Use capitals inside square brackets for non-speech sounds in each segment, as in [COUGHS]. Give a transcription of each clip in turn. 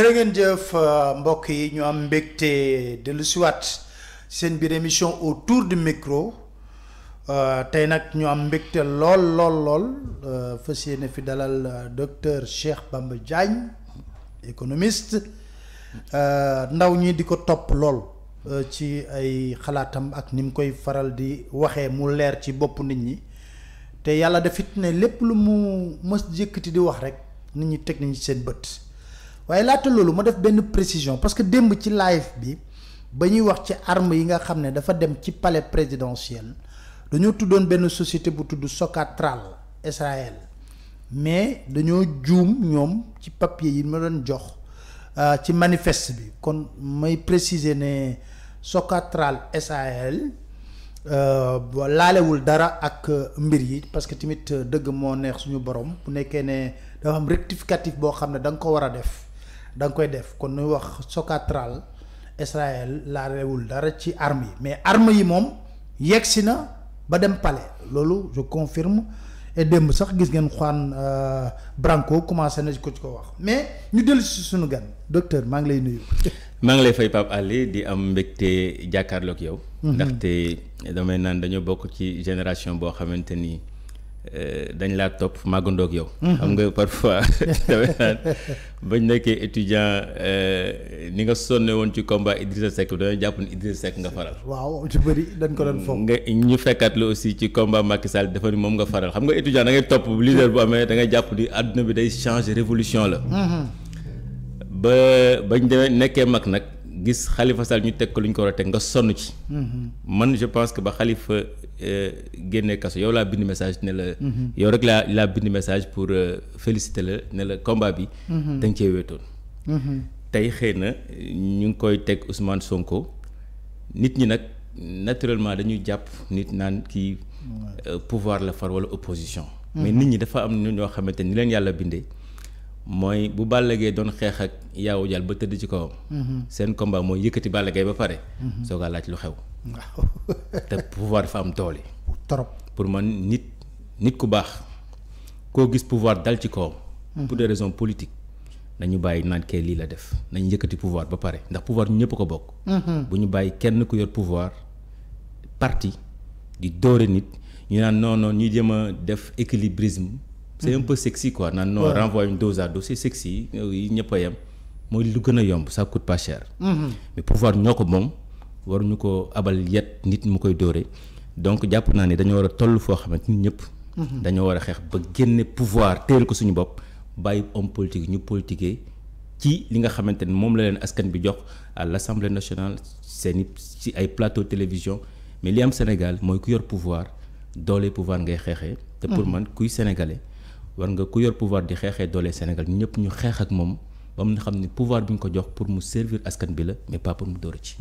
jërë ngeen jëf euh, mbokk yi ñu am mbégte dellu siwaat seen biir émission autour du micro euh, tey nag ñu am mbégte lool lool lool euh, fas yéene fi dalal docteur Cheikh Bamba Diagne économiste ndaw ñi di ko topp lool ci ay xalaatam ak ni mu koy faral di waxee mu leer ci bopp nit ñi te yàlla daf it ne lépp lu mu mës jëkkati di wax rek nit ñi teg nañ ci seen bët waaye laata loolu ma def benn précision parce que démb ci live bi ba ñuy wax ci arme yi nga xam ne dafa dem ci palais présidentiel dañu tuddoon benn société bu tudd Socatral Israël mais dañoo juum ñoom ci papier yi ma doon jox euh, ci manifeste bi kon may préciser ne Socatral Israël euh, laalewul dara ak euh, mbir yi parce que tamit dëgg moo neex suñu borom bu nekkee ne dafa am rectificatif boo xam ne da nga ko war a def dang koy def kon nuy wax socatral Israël la rewul dara ci armes mais armes yi mom yegsi na ba dem palé lolou je confirme et dem sax gis ngeen Juan euh, Branco commencé na ko ci ko wax mais ñu del ci suñu gan docteur maa ngi lay nuyu. [LAUGHS] maa ngi lay fay Pape Alé di am mbégte jakarlok yow. Mhm. ndaxte damay nane dañu bok ci génération bo xamanteni Euh, dañ laa topp màggandoog yow. Mhm. xam nga parfois [LAUGHS] damay naan bañ nekkee étudiant euh, ni nga sonne woon ci combat Idrissa Seck bi dañoo jàpp ne Idrissa Seck nga faral. waaw ci bëri dañ ko doon foog. nga ñu fekkaat la aussi ci combat Macky Sall dafa ni moom nga faral xam nga étudiant da ngay topp leader bu amee da ngay jàpp ni àdduna bi day changer révolution la. Mhm. ba bañ demee nekkee mag nag. gis Khalifa Sall ñu tek ko lu ko war a nga sonn ci. Mhm. man je pense que ba Khalifa euh, génnee kasso yow la bind message ne la. Mhm. yow rek laa laa bind message pour euh, féliciter la ne la combat bi. Mhm. dañ nga wétone wéetoon. tey xëy na ñu ngi koy tek Ousmane Sonko nit ñi nak naturellement dañuy japp nit naan ki euh, pouvoir la far wala opposition. mais nit ñi dafa am ñoo xamante ni leen yàlla bindee moy bu Balla don xex ak Yawou Dial ba tëdd ci ko mhm. sen combat moy yëkkati Balla ba pare. Mhm. so lu xew. [LAUGHS] te pouvoir dafa am tool trop pour man nit nit ku bax ko gis pouvoir dal ci ko mhm. pour des raisons politiques nañu bàyyi naan kee la def pouvoir ba pare ndax pouvoir ñëpp ko bok buñu kenn ku yor pouvoir parti di doore nit ñu naan non non ñu def équilibrisme c'est un peu sexy quoi naan non renvoie une dose à dos c'est sexy il n'y a pas mooy lu gën a yomb ça coûte pas cher mhm. mais pouvoir nous ko voir nous ko abal yet nit mu koy dóore donc jàpp naa ne dañoo war a toll foo xamante ni ñëpp mhm. dañoo war a xeex ba génne pouvoir téyel ko suñu bopp bàyyi homme politique ñu politiquer ci li nga xamante mom la leen askan bi jox à l'Assemblée nationale c'est ci ay plateau télévision mais li am Sénégal moy ku yor pouvoir doole pouvoir ngay xexé te pour mhm. man kuy sénégalais war nga ku yor pouvoir di xeexee doole Sénégal ñëpp ñu xeex ak moom ba mu xam ne pouvoir bi ñu ko jox pour mu servir askan bi la mais pas pour mu dóor ci.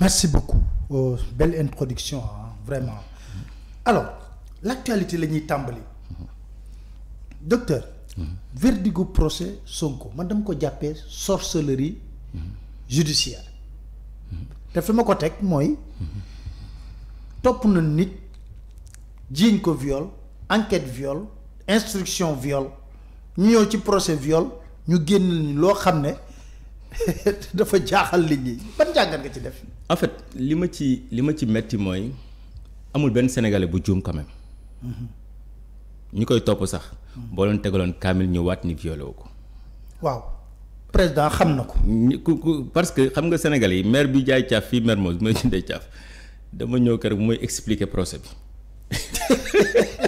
merci beaucoup euh, belle introduction hein, vraiment alors l'actualité la ñuy tàmbali docteur. Mm procès Sonko man dama ko jàppee sorcellerie judiciaire te fi ma ko teg mooy topp na nit jiiñ ko viol enquête viol instruction viol ñu ñëw ci procès viol ñu génn ni loo xam ne [LAUGHS] dafa jaaxal nit ñi ban jàngat nga ci def. en fait li ma ci li ma ci metti mooy amul benn sénégalais bu juum quand même. Mm-hmm. ñi koy topp sax. boo leen tegaloon kamil ñu waat ni violé wu ko. waaw président xam na ko. ku parce que xam nga sénégalais yi maire bi jaay caaf fii maire Mermoz mooy jëndee caaf dama ñëw kër mooy expliquer procès bi. [LAUGHS]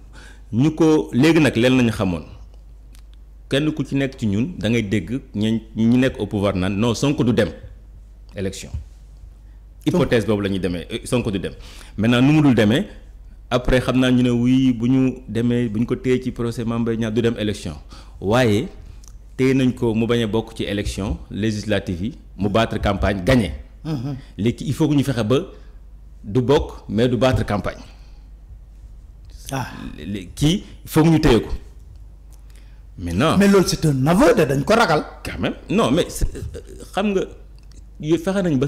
ñu ko léegi nag leen lañu xamoon kenn ku ci nekk ci ñun da ngay dégg ñi ñu nekk au pouvoir naan non Sonko du dem élection hypothèse boobu la ñuy demee euh, Sonko du dem maintenant nu mu dul demee après xam naa ñu ne wii bu ñu demee bu ñu ko téye ci procès Mame Mbaye du dem élection waaye téye nañ ko mu bañ a bokk ci élection législative yi mu battre campagne gagné hum, hum. léegi il faut que ñu fexe ba du bokk mais du battre campagne qui qui muter mais non. mais l'autre c'est un aveu de dañ quand même non mais euh, euh, xam nga nañ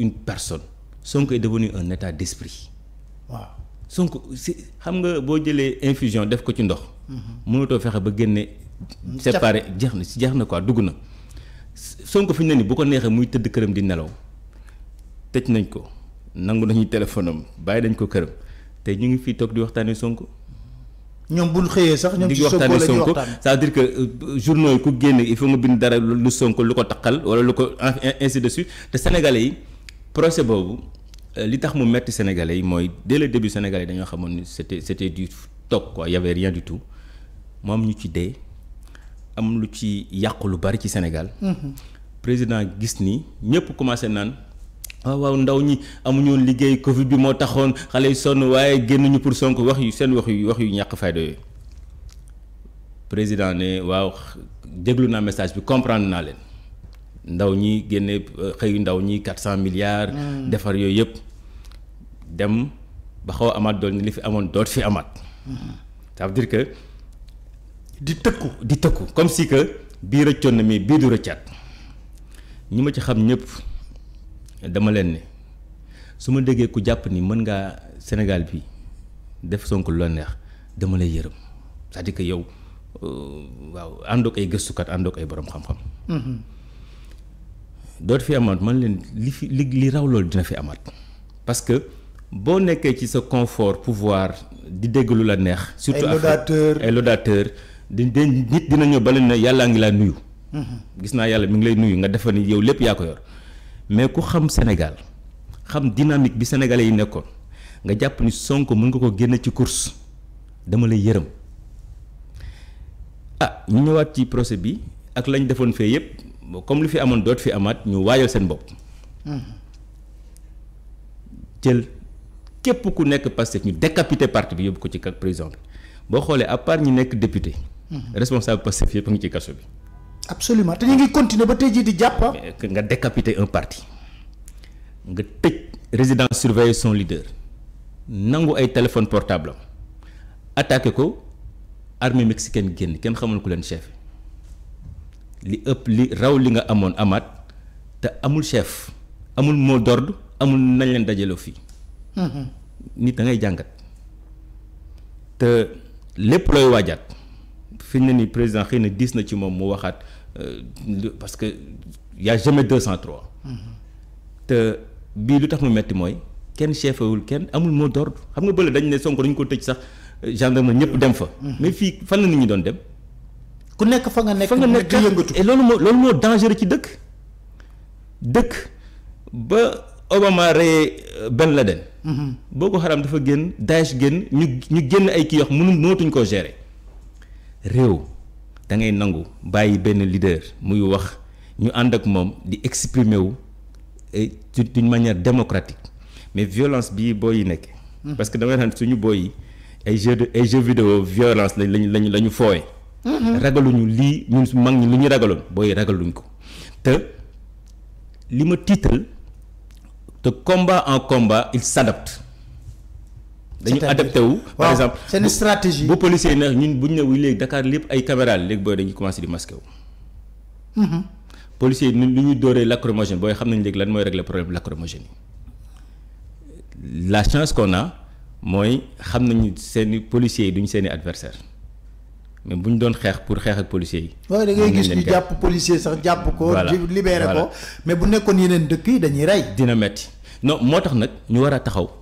une personne Sonko est devenu un état d'esprit. sais que si xam nga infusion def ko ci ndox. Mhm. ba Tu séparé si quoi dugg Son Sonko fi tu bu ko muy n'est di téléphone tu et ñu ngi fi tok di waxtane Sonko. ñom buñ ñu sax ñom ci Sonko dire que euh, journaux jour ku il faut nga bind dara lu lu ko ainsi de suite te sénégalais procès bobu euh, li tax mu sénégalais dès le début sénégalais c'était du quoi y avait rien du tout moom ñu ci am lu ci Sénégal. Mm-hmm. président gis ni ñëpp commencé waaw ah, waaw ndaw ñi amuñoon liggéey Covid bi moo taxoon xale yu sonn waaye génnuñu pour sonk wax yu seen wax yu wax yu ñàkk fayda yooyu président ne waaw déglu naa message bi comprendre naa leen ndaw ñi génne xëyu ndaw ñi quatre cent milliards. Hmm. defar yooyu yëpp dem ba xaw amaat dool ni li fi amoon doot fi amaat. Hmm. ça veut que. di tëkku di tëkku comme si que bii rëccoon na mais bii du rëccaat ñi ma ci xam ñëpp. dama leen ne su ma déggee ku jàpp ni mën ngaa Sénégal bi def Sonko lu la neex dama la yërëm c'est-à-dire que yow euh, waaw àndook ay gëstukat àndoog ay boroom xam-xam. Mhm. dootu fi man leen li fi li li raw loolu dina fi amaat parce que boo nekkee ci sa confort pouvoir di dégg lu la neex. surtout ay laudateur di nit dina ñëw ba leen ne yàllaa ngi laa nuyu. Mhm. gis naa yàlla mu ngi lay nuyu nga defal ni yow lépp yaa ko yor. mais ku xam Sénégal xam dynamique bi sénégalais yi nekkoon nga jàpp ni Sonko mën nga ko génne ci course dama lay yërëm ah ñu ñëwaat ci procès bi ak lañ defoon fee comme lu fi doot fi amaat ñu seen bopp jël décapité parti bi ko ci président bi à part nekk député mhm. responsable kaso absolument te ñu ngi continuer ba tey jii di jàpp nga décapiter un parti nga tëj résident surveiller son leader nangu ay téléphone portable attaqué ko armée mexicaine génn kenn xamul ku leen chef li ëpp li raw li nga amone amat te amul chef amul mot d'ordre amul nañ len dajelo fi hmm nit da ngay jangat te lepp loy waajaat fiñ ni président xeyna na na ci mom mu waxat euh, le parce que y a jamais 203. te bi lutax tax mu metti ken chef chefewul ken amul mot d'ordre xam nga beul dañ né Sonko dañ ko tejj sax euh, gendarme ñep dem fa. Mm-hmm. mais fi fan la nit ñi doon dem. ku nekk fa nga nekk fa nga nekk yëngatu et loolu moo loolu moo dangereux ci dëkk. dëkk ba Obama ré euh, Ben Laden. Mm-hmm. Boko Haram dafa génn Daesh génn ñu ñu génn ay ki yoo xam mënu nootuñ gérer réew da ngay nangu bàyyi benn leader muy wax ñu ànd ak moom di exprimer wu et eh, d'une manière démocratique mais violence bi booy yi nekk. Hmm. parce que dama xam suñu booy yi ay jeux de ay jeux vidéo violence lañ lañ lañ la fooye. Hmm. ragaluñu lii ñun mag ñi lu ñu ragaloon booy yi ragaluñ ko te li ma tiital te combat en combat il s'adapte dañu adapté wu. par exemple c'est une stratégie. bu policier nag ñun bu ñu ne Dakar lepp ay caméra la boy booy dañuy commencé di masqué wu. Mhm. policier yi ni ñuy dooree lacrymogène booy xam nañ léegi lan moy régler problème lacrymogène la chance qu'on a moy xam nañu seen policier duñ seen adversaire mais buñ doon xeex pour xeex ak policier yi. waaw da ngay gis ñu japp policier sax japp ko. libérer ko mais bu nekkoon yeneen dëkk yi dañuy ray dina metti non motax nak ñu wara taxaw.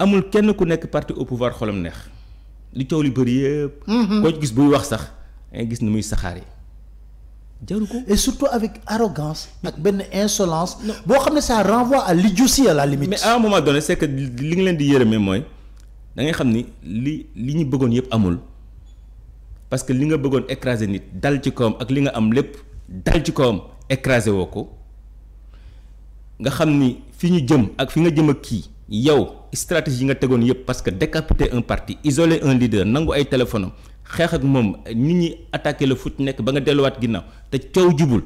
amul kenn ku nekk parti au pouvoir xolam neex li coow li bëri yëpp. Mhm. koo ci gis buy wax sax dangay gis ni muy saxaaree. jaru ko et surtout avec arrogance ak benn insolence. boo xam ne ça renvoie à l'idiotie à la limite. mais à un moment donné c'est que li ngi leen di yërëmee mooy da ngay xam ni li li ñu bëggoon yëpp amul parce que li nga bëggoon écraser nit dal ci kawam ak li nga am lépp dal ci kawam écraser woo ko nga xam ni fi ñu jëm ak fi nga jëm ak kii yow stratégie nga tegoon yëpp parce que décapiter un parti isoler un leader nangu ay téléphone xex ak mom nit ñi attaquer le foot nek ba nga wat ginnaw te ciow jubul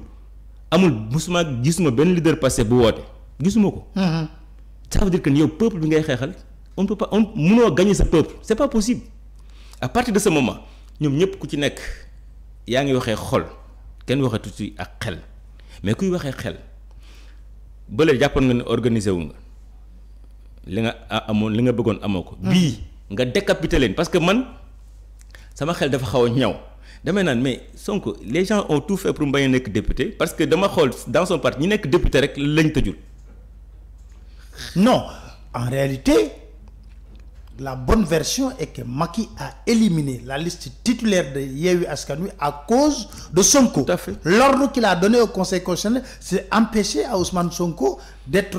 amul musuma gisuma ben leader passé bu woté gisumako hmm ça veut dire que yow peuple bi ngay xexal on peut pas on munoo gagner ce peuple c'est pas possible à partir de ce moment ñom ñep ku ci nek ya ngi waxé xol kenn waxee tuuti ak xel mais kuy waxé xel beulé japon nga ne organiser wu nga li nga amoon li nga mm. décapité parce que man sama xel dafa xaw a ñaw. damay mais Sonko les gens ont tout fait pour ne a député parce que dama dans son parti ñi nekk député rek lañ tëjul. non en réalité la bonne version est que Maki a éliminé la liste titulaire de Yewi Askanui à cause de Sonko. l'ordre qu'il a donné au conseil constitutionnel c'est empêcher à Ousmane Sonko d'être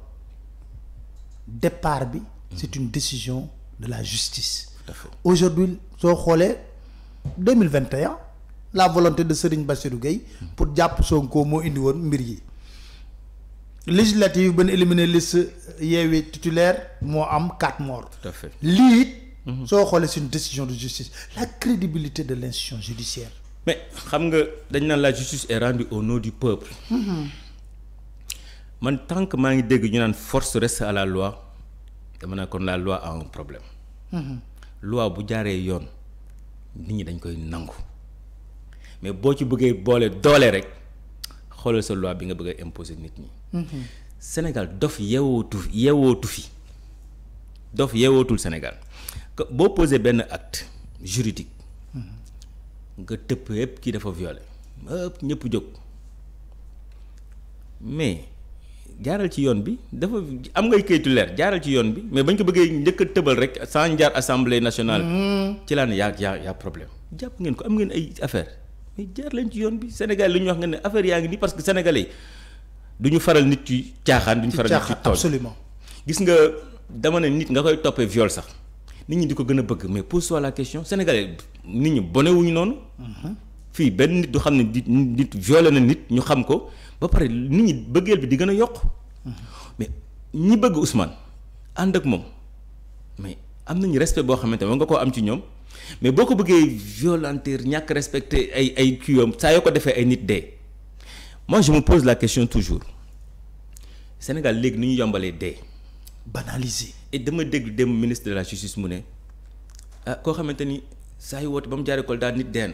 départ bi c'est une décision de la justice aujourd'hui so xolé 2021 la volonté de Serigne Bassirou Gueye pour dire Sonko son indi won mbir yi législative ben éliminer liste titulaire mo quatre morts tout fait mhm. c'est une décision de justice la crédibilité de l'institution judiciaire mais xam nga la justice est rendue au nom du peuple mhm man tant que maa ngi dégg ñu naan force reste à la loi dama ne kon la loi a un problème. Mm-hmm. loi bu jaaree yoon nit ñi dañ koy nangu mais boo ci bëggee boole doole rek xoolal sa loi bi nga bëgg a imposer nit ñi. Mm-hmm. Sénégal dof yeewootu yeewootu fi dof yeewootul Sénégal boo posé benn acte juridique mm-hmm. nga tëpp yëpp kii dafa violé ëpp ñëpp jóg mais. jaaral ci yoon bi dafa am ngay kayitu leer jaaral ci yoon bi mais bañ ko bëggee njëkk a tëbal rek sans jaar assemblée nationale. Mm-hmm. ci laa ne yaa yaa problème. jàpp ngeen ko am ngeen ay affaire mais jaar leen ci yoon bi Sénégal li ñu wax nga ne affaire yaa ngi nii parce que sénégalais du ñu faral nit ci caaxaan. du ñu faral nit ci tool gis nga dama nit nga koy toppee viol sax nit ñi di ko gën a bëgg mais pose-toi la question sénégalais nit ñi bonewuñu noonu. Mm-hmm. fi ben nit du xam nit violé na nit ñu xam ko ba paré nit ñi bëggel bi di gëna yok mais ñi bëgg Ousmane and ak mom mais am nañu respect bo xamante nga ko am ci ñom mais boko ko bëggee violenter ñàkk respecté ay ay kiiwam sa yoko défé ay nit dé moi je me pose la question toujours Sénégal léegi ñu yombalé dé banaliser. et dama dégg dem ministre de la justice mu né ah koo xamante ni saa yu woote ba mu jaaree nit dee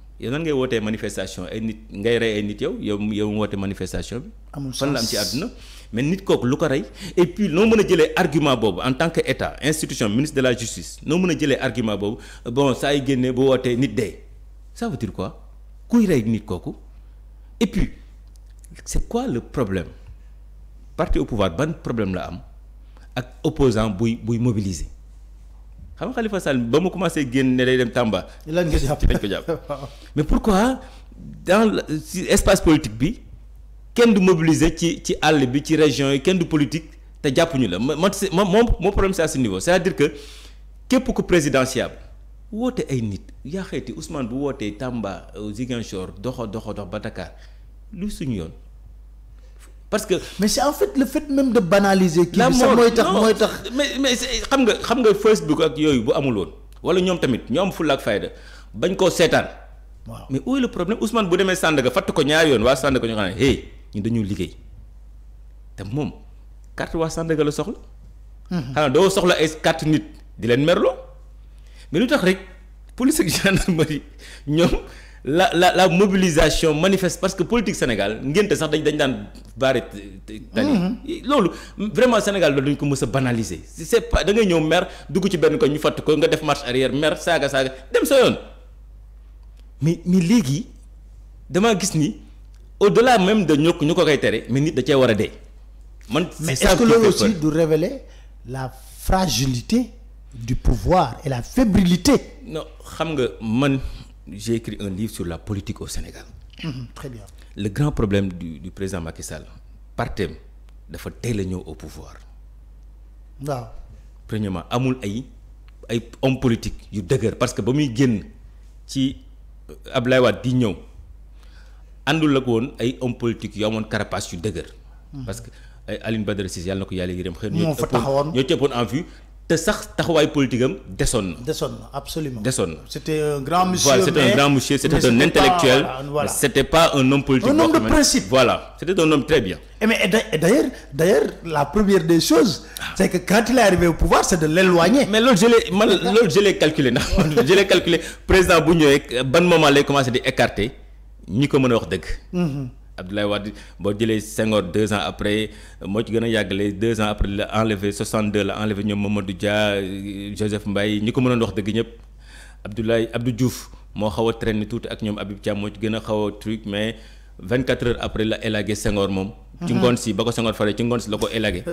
yow nan ngay wootee manifestation ay nit ngay rey ay nit yow yow yow manifestation bi. amul fan la am ci aduna mais nit kooku lu ko rey et puis noo mën a jëlee argument en tant que état institution ministre de la justice noo mën a jëlee argument boobu bon saa yi génnee bu wootee nit dee ça veut dire quoi kuy rey nit kooku et puis c'est quoi le problème parti au pouvoir ban problème la am ak opposant buy buy mobiliser xam nga Khalifa Sall ba mu commencé génn ne day dem Tamba. lan nga jàpp dañ ko jàpp mais pourquoi dans si espace politique bi kenn du mobiliser ci ci àll bi ci région yi kenn du politique te jàppuñu la ma man ma moom problème c'est à ce niveau c'est-à-dire que képp ku présidentiable woote ay nit yaa xeeti Ousmane bu wootee Tamba euh, Ziguinchor doxo doxo dox ba Dakar lu suñu yoon parce que. mais c'est en fait le fait même de banaliser. qui bi sax tax mooy tax mais mais xam nga xam nga Facebook ak yoy bu amul won wala ñom tamit ñom ful ak fayda bañ ko seetaan. mais où est le problème Ousmane bu démé demee ga fat ko ñaari yoon waa ko ñu xam hey ñu dañu liggéey té mom carte wa waa ga la soxla. Hmm. xana do soxla ay carte nit di len merlo mais lutax rek police ak gendarmerie ñom la la la mobilisation manifeste parce que politique Sénégal ngenté sax dañ dan daan bari tani mhm. vraiment Sénégal loolu dañ ko mës banaliser c'est pas da ngay ñew mer tu ci ben ko ñu fat ko nga def marche arrière mer saga saga dem sa yoon mais mais légui dama gis ni au-delà même de ñokk ñu ko koy mais nit da ci wara dé mais est-ce que loolu aussi du révéler la fragilité du pouvoir et la fébrilité non xam nga man j'ai écrit un livre sur la politique au Sénégal. Mmh, très bien. Le grand problème du, du président Macky Sall, partem thème, teel a ñëw au pouvoir. waaw. premièrement amoul ay ay homme politique yu dëgër parce que ba muy génn ci euh, Ablaye Wade di ñëw àndul ak woon ay homme politique yu amoon carapace yu dëgër. Mhm. parce que ay Aline Badara Cissé yàlla na ko yàlla yërëm. xëy na ñoo ci ëppoon en vue absolument c'était un grand monsieur c'était un intellectuel c'était pas un homme politique. un homme de principe voilà c'était un homme très bien. et mais d'ailleurs d'ailleurs la première des choses. c'est que quand il est arrivé au pouvoir c'est de l'éloigner. mais l'autre je l'ai je l'ai calculé [LAUGHS] je l'ai calculé président bu à ban moment les commencer à écarter ni ko Abdoulaye Wade bo jëlee Senghor deux ans après mo ci gën a yàggale deux ans après enlevé 62 la enlevé ñoom Mamadou Dia Joseph Mbaye ñi ko mëna wax dëgg ñëpp Abdoulaye Abdou Diouf mo xawa a traîné tuuti ak ñom Habib Thiam moo ci gën truc mais 24 heures après la élagué Senghor mom, ci ngoon si ba ko Senghor fare ci ngoon si la élagué.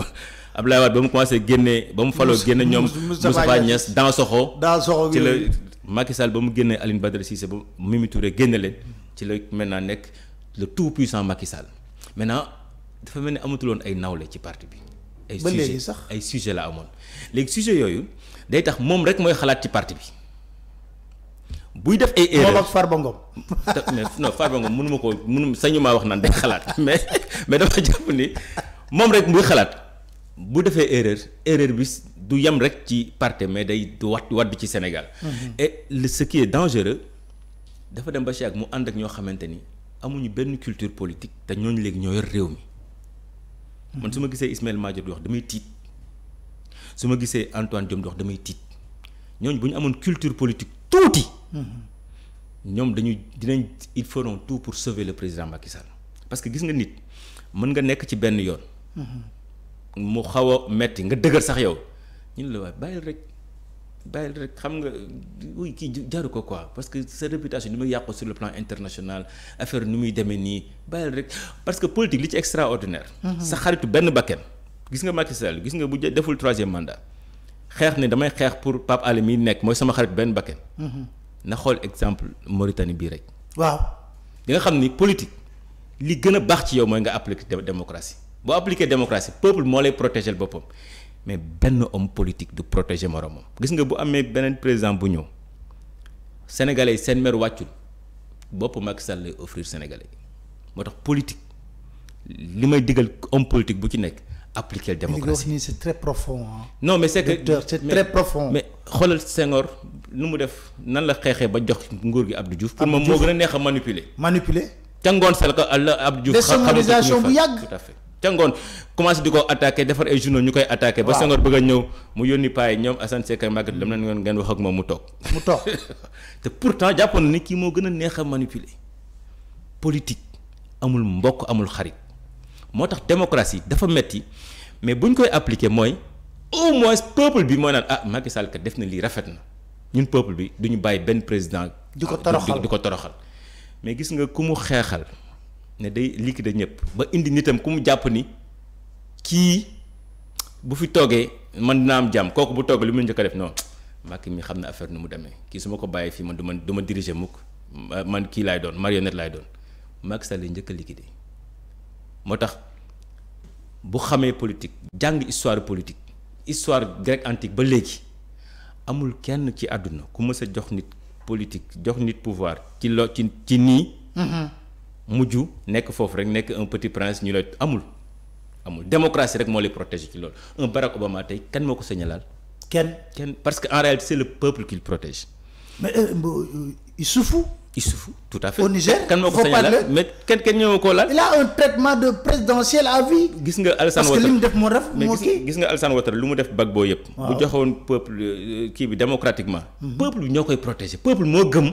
[LAUGHS] Abdoulaye Wade ba mu commencé génnee ba mu faloo génne ñoom. Moustapha Niass Dansokho. Dansokho ci la Macky Sall ba mu génnee Aline Badara Cissé ba Mimi Touré génne leen ci la maintenant nek le tout puissant Macky Sall maintenant dafa mel ni amatuloon ay nawle ci parti bi. ay sujet ay sujet la amoon Les sujets yooyu day tax moom rek mooy xalaat ci parti bi buy def erreur moom ak Ngom non Farba Ngom Mon ma mon mënu sañu maa wax naan day xalaat [LAUGHS] mais mais dama jàpp ni moom rek muy xalaat bu defee erreur erreur bis. du yam rek ci parti mais day du wat wàddu ci Sénégal. Mhm. et ce qui est dangereux dafa dem ba si ak mu and ak ño xamanteni amuñu benn culture politique te ñooñu léegi ñoo yor réew mi man su ma gisee Ismaël Madior di wax damay tiit su ma gisee Antoine Diome di wax damay tiit ñooñu bu ñu amoon culture politique tuuti. ñoom dañuy dinañ ils feront tout pour sauver le président Macky Sall parce que gis nga nit mën nga nekk ci benn yoon. mu xaw a metti nga dëgër sax yow ñu la waay bàyyil rek bàyyil ben, rek xam nga oui kii jaru ko quoi parce que sa réputation ni muy yàqu sur le plan international affaire nu muy demee nii bàyyil ben, rek parce que politique li ci extraordinaire. Mhm. sa xaritu benn bakken gis nga Macky Sall gis nga bu deful troisième mandat xeex ne damay xeex pour Pape Alé mi nekk mooy sama xarit benn bakken. Mhm. na xool exemple Mauritanie bii rek. waaw di nga xam ni politique li gën a baax ci yow mooy nga appliquer démocratie boo appliquer démocratie peuple moo lay protéger boppam mais ben homme politique de protéger moromam gis nga bu amee beneen président bu ñëw sénégalais yi seen mer wàccul bopp Macky Sall offrir sénégalais yi moo tax politique li may homme politique bu ci nekk appliquer la démocratie mais c'est très profond. Hein? non mais c'est que c'est très profond. mais xoolal Senghor nu mu def nan la xeexee ba jox nguur gi Abdou Diouf. pour moom moo gën a neex a manipuler. manipuler. ca ngoon sel ko Abdou Diouf. xam bu tout à fait. ca ngoon commencé di ko attaqué defar ay journaux ñu koy attaqué ba Senghor bëgg a ñëw mu yónni paay ñoom Assane Seck ak Maguette Lam leen ngeen wax ak moom mu toog mu toog [LAUGHS] te pourtant jàppoon na ni kii moo gën a neex a manipuler amul mbokk amul xarit moo tax démocratie dafa metti mais bu ñu koy appliqué mooy au moins peuple bi mooy naan ah Macky Sall kat def na lii rafet na ñun peuple bi du ñu bàyyi benn président di ko toroxal di ko toroxal mais gis nga ku mu xeexal ne day liquider ñëpp ba indi nitam ku mu jàpp ni kii bu fi toogee man dinaa am jàmm kooku bu toogee li mu njëkk a def non Macky mi xam na affaire nu mu demee kii su ma ko bàyyee fii man du ma du ma diriger mukk man kii laay doon marionnette laay doon Macky Sall njëkk a liquider moo tax bu xamee politique jàng histoire politique histoire grecque antique ba léegi amul kenn ci àdduna ku mës jox nit politique jox nit pouvoir ci lo ci nii. Mm-hmm. muju nek foofu rek nek un petit prince ñu lay amul amul démocratie rek mo lay protéger ci lool un Barack Obama tay kan moko ko ken ken parce que en réalité c'est le peuple qui le protège. mais euh, euh, il Il se fout? se fout, tout à fait. au Niger kan moko ko mais ken ken ñëw koo laal. il a un traitement de présidentiel à vie. gis nga Alassane Ouattara parce que li def mo raf mo kii gis nga Alassane Ouattara lu mu def bagbo yëpp. bu joxone peuple euh, ki bi démocratiquement. Mhm. peuple bi protéger peuple mo gëm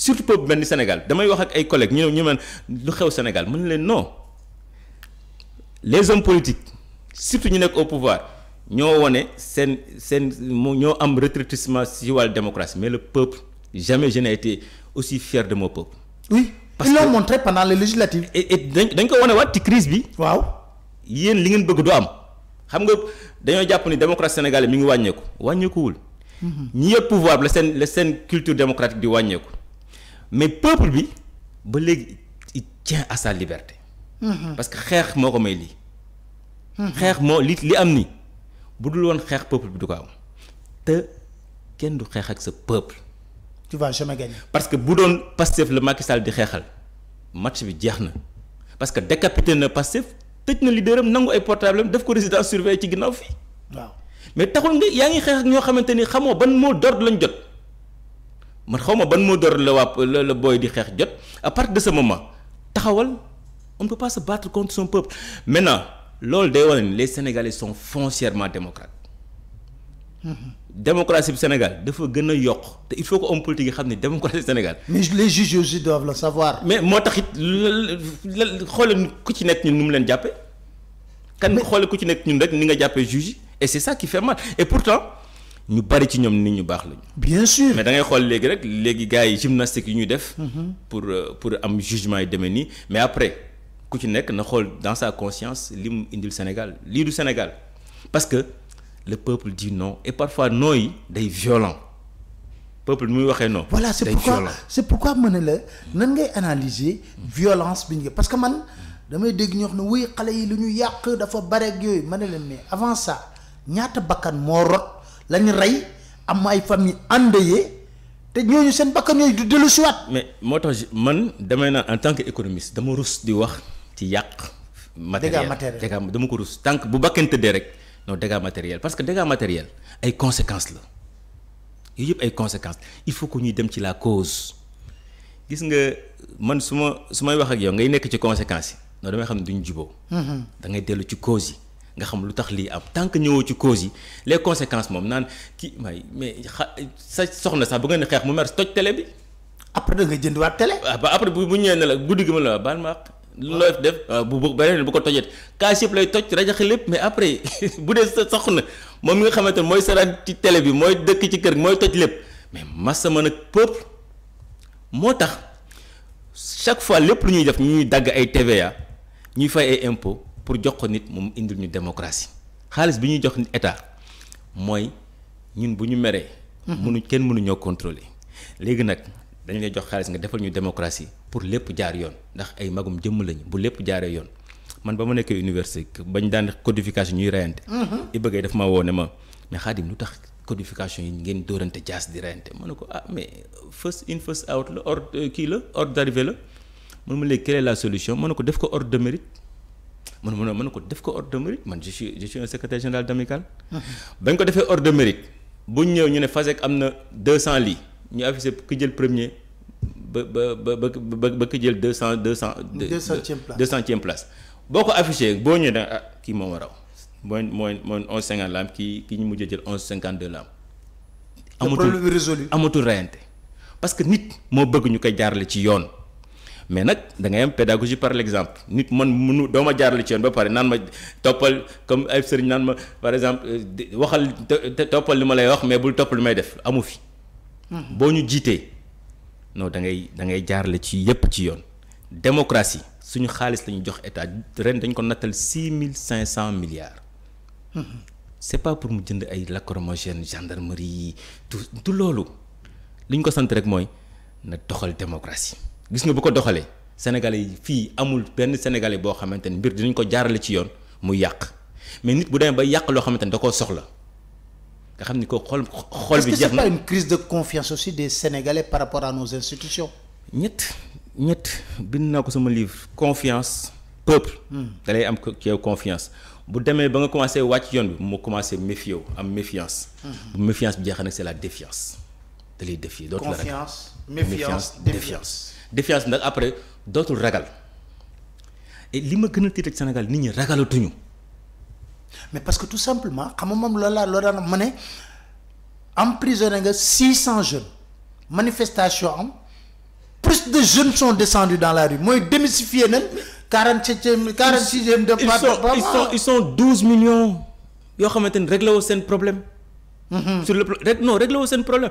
surtout peuple du Sénégal damay wax ak ay collègues nous sommes au Sénégal mën non les hommes politiques surtout nous sommes au pouvoir nous avons sen, sen, ñoo am sur ci démocratie mais le peuple jamais je n'ai été aussi fier de mon peuple. oui parce ils l'ont montré pendant les législatives. et donc on a vu la crise bi. waaw yéen li ngeen bëgg du am. xam nga dañoo jàpp ni démocratie sénégalaise mi ngi wàññeeku wàññeekuwul. Mhm. ñi pouvoir le pouvoir, la culture démocratique di wàññeeku mais peuple bi ba légui il tient à sa liberté. Mhm. parce que xex moo ko may li mhm. xex mo li li am ni budul won xex peuple bi du ko am te kenn du xex ak sa peuple. tu vas jamais gagner. parce que bu doon Pastef la Macky Sall di xexal match bi jeex parce que décapiter na Pastef tëj na leaderam nangu ay portable def ko résidence surveillée ci ginnaw fi waaw mais taxul nga yaa ngi xeex ak ño xamanteni ni xamoo ban mot d'ordre lañ jot man ne sais ban moo door le waa la la di à partir de ce moment on ne peut pas se battre contre son peuple maintenant les sénégalais sont foncièrement démocrates mhm. démocratie du Sénégal dafa faut que nous il faut que puisse politique que xam démocratie démocratie Sénégal. mais les juges aussi doivent le savoir. mais moi, je ne sais pas si nous sommes ñun nu mu leen kan nous ku ci nekk ñun rek ni nga et c'est ça qui fait mal et pourtant ñu bari ci ñom nit ñu bax lañu. bien sûr mais da ngay xol légui rek légui gars gymnastique yi ñu def. Mm-hmm. pour euh, pour am jugement yi ni mais après ku ci nekk na xol dans sa conscience li mu indil Sénégal lii du Sénégal parce que le peuple dit non et parfois non yi day violent peuple muy waxee non. voilà c'est pourquoi c'est pourquoi ma ne la nan ngay analyser violence bi ñu parce que man damay dégg ñu wax ne wuy xale yi lu ñu yàq dafa bare ak yooyu ma leen mais avant ça ñaata bakkan moo rot. lañ rey am ay famille endeuillée te ñooñu seen bakkan yooyu du dellu si waat mais moo tax man demee naan en tant que économiste dama rus di wax ci yàq. matériel dégâts dama ko rus tant bu bakkan tëddee rek non dégâts matériel parce que dégâts matériel ay conséquences la yooyu yëpp ay conséquence il faut que ñuy dem ci la cause gis nga man su ma su may wax ak yow ngay nekk ci conséquence yi non damay xam ne duñ juboo mm-hmm. da dellu ci cause yi. nga xam lu tax lii am tant que ñëwoo ci cause yi les conséquences moom naan ki may mais xa sa soxna sax bu ngeen xeex mu mer toj télé bi. après da nga jëndiwaat télé. Ah, ba après bu bu ñëwee ne la guddi gi ma la baal ma looy def ah, bu bu beneen bu ko tojee kaas yëpp lay toj rajaxe lépp mais après [LAUGHS] bu dee sa na moom mi nga xamante ne mooy saraan ci télé bi mooy dëkk ci kër mooy toj lépp mais massa man ak peuple moo tax chaque fois lépp lu ñuy def ñuy dagg ay TVA ñuy fay ay impôts. pour jox ko nit moom indil ñu démocratie xaalis bi ñuy jox nit état mooy ñun bu ñu meree. Mhm. mënu kenn mënuñoo contrôler léegi nag dañu lay jox xaalis nga defal ñu démocratie pour lépp jaar yoon ndax ay magum jëmm lañu bu lépp jaaree yoon man ba ma nekkee université bañ daan codification ñuy reyante. Mhm. i bëggee daf ma woo ne ma mais Xaadim lu tax codification yi ngeen dóorante jaas di reyante ma ne ko ah mais first in first out la ordre kii la ordre d'arrivée la man la solution ma ne ko def ko man ma ne ko def ko ordre de mérite man je suis je suis un secrétaire général d'amical bañ ko defee ordre de mérite bu ñëw ñu ne FASEG am 200 lits ñu affiché ki jël premier ba ba ba ba ki jël 200 200. 200e place 200e place boo ko affiché boo ñëwee da ah kii moom a raw mooy 11,50 lamb ki kii ñu mujj jël 11,52 lamb amatu amatul problème résolu amatul rayante parce que nit mo bëgg ñu koy jaarale ci yoon. mais nag da ngay am pédagogie par l'exemple nit man munu doo ma jaarale ci yoon ba pare naan ma toppal comme ay sëriñ naan ma par exemple euh, waxal toppal li ma lay wax mais bul topp li may def amu fi. Hmm. boo ñu jiitee non da ngay da ngay jaarale ci yépp ci yoon démocratie suñu xaalis la jox état ren dañ ko nattal six mille cinq cent milliards. Hmm. c'est pas pour mu jënd ay lacrymogène gendarmerie tout du loolu li ñu ko sant rek mooy na doxal démocratie. gis nga bu ko doxalee sénégalais fi amul ben sénégalais bo xamanteni ni mbir dinañ ko jaarale ci yoon muy yàq mais nit bu demee ba yàq lo xamanteni ni da koo soxla nga xamni ko xol xol bi jeex na est-ce que c'est une crise de confiance aussi des sénégalais par rapport à nos institutions. ñett ñett bin na ko sama livre confiance peuple. Hmm. da lay am ci yow confiance. bu demee ba nga commencé wacc yoon bi mo commencé méfier am méfiance. Hmm. bu méfiance bi jeexee nag c'est la défiance. dalay défier dootu la rek confiance méfiance défiance défiance après d'autres ragal et li ma gën Sénégal nit ñi ñu mais parce que tout simplement xam nga l'a mené en prison emprisonné 600 jeunes manifestation plus de jeunes sont descendus dans la rue moi démystifier nañ 47e 46e de. ils sont ils sont 12 millions Ils ont ni réglé woo seen problème. Mhm. sur le non réglé sein seen problème.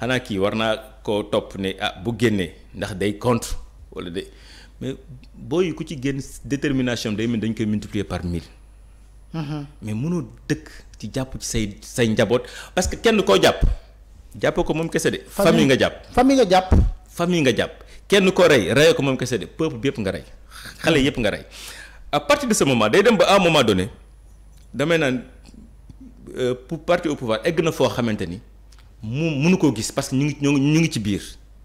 xanaa kii war naa koo topp ne ah bu génnee ndax day contre wala day mais booy ku ci génn détermination day mel dañ koy multiplier par mille. Mm-hmm. mais mënoo dëkk ci jàpp ci say say njaboot parce que kenn koo jàpp jàppoo ko moom kese de. famille nga jàpp famille nga jàpp. famille nga jàpp kenn koo rey rey ko moom kese de peuple bi yëpp nga rey xale yëpp nga rey à partir de ce moment day dem ba à un moment donné damay naan euh, pour parti au pouvoir egg na foo xamante ni mu ko gis parce que ñu ngi ñu ngi ci biir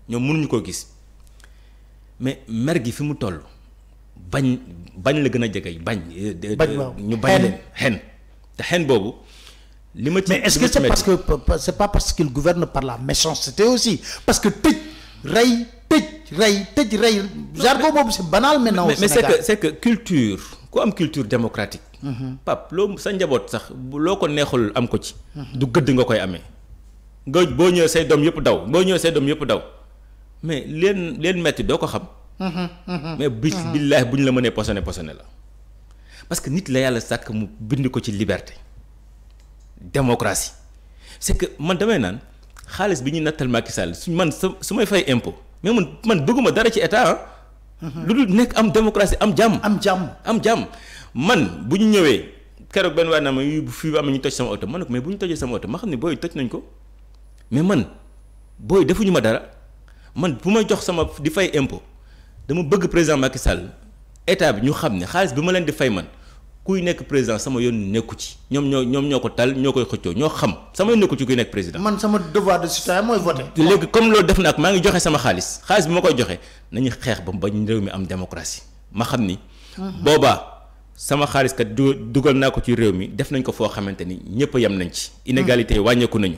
ñoom mënuñu ko gis mais mer gi fi mu toll bañ bañ la gën a jege bañ. Eh, ñu bañ leen xen te xen boobu. li ma ci mais est-ce que c'est parce que c'est pas parce qu'il gouverne par la méchanceté aussi parce que tëj rey tëj rey tëj rey. jargon boobu c'est banal mais non mais c'est que c'est que culture ku am culture démocratique. Mm-hmm. Pape loo sa njaboot sax loo ko neexul am ko ci. du gëdd nga koy amee. nga boo ñëwee say doom yëpp daw boo ñëwee say doom yëpp daw mais leen leen metti doo ko xam. Mhm, mhm. mais bi mhm. billaay bu ñu la mënee posone posone la. parce que nit la yàlla sàkk mu bind ko ci liberté démocratie c'est que man damay naan xaalis bi ñu nattal Macky Sall su man sa su may fay impôt mais man man bëgguma dara ci état ah. lu dul nekk am démocratie am jàmm. am jàmm am jàmm man bu ñu ñëwee keroog benn waay naa ma fii am ñu toj sama oto man ne ko mais bu ñu tojee sama oto ma xam ne booy toj nañ ko. mais man booy defuñu ma dara man bu ma jox sama di fay impôt dama bëgg président Macky Sall état bi ñu xam ne xaalis bi ma leen di fay man kuy nekk président sama yoon nekku ci ñoom ñoo ñoom ñoo ko tal ñoo koy xëccoo ñoo xam sama yoon nekku ci kuy nekk président. man sama devoir de léegi comme loolu def na ak maa ngi joxe sama xaalis xaalis bi ma koy joxe nañu xeex ba mu ba réew mi am démocratie ma xam ni. Mhm. boobaa. sama xaalis kat dugal naa ko ci réew mi def nañ ko foo xamante ni ñëpp yem nañ ci. inégalité yi wàññeeku nañu.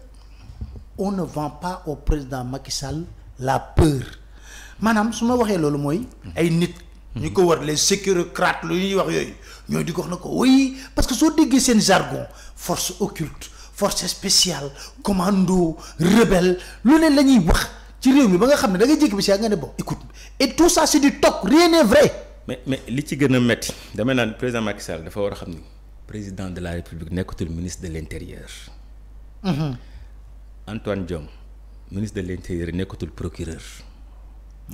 on ne vend pas au président Macky Sall la peur Madame, si je vous loolu ce ay nit. les sécurocrates les ñuy wax oui parce que vous déggee un jargon force occulte force spéciale commando rebelle lu ne et tout ça c'est du toc rien n'est vrai. mais ce li ci veux dire, le président Macky Sall président de la république le ministre de l'intérieur. Mhm. Antoine Diome ministre de l'intérieur nekkatul procureur.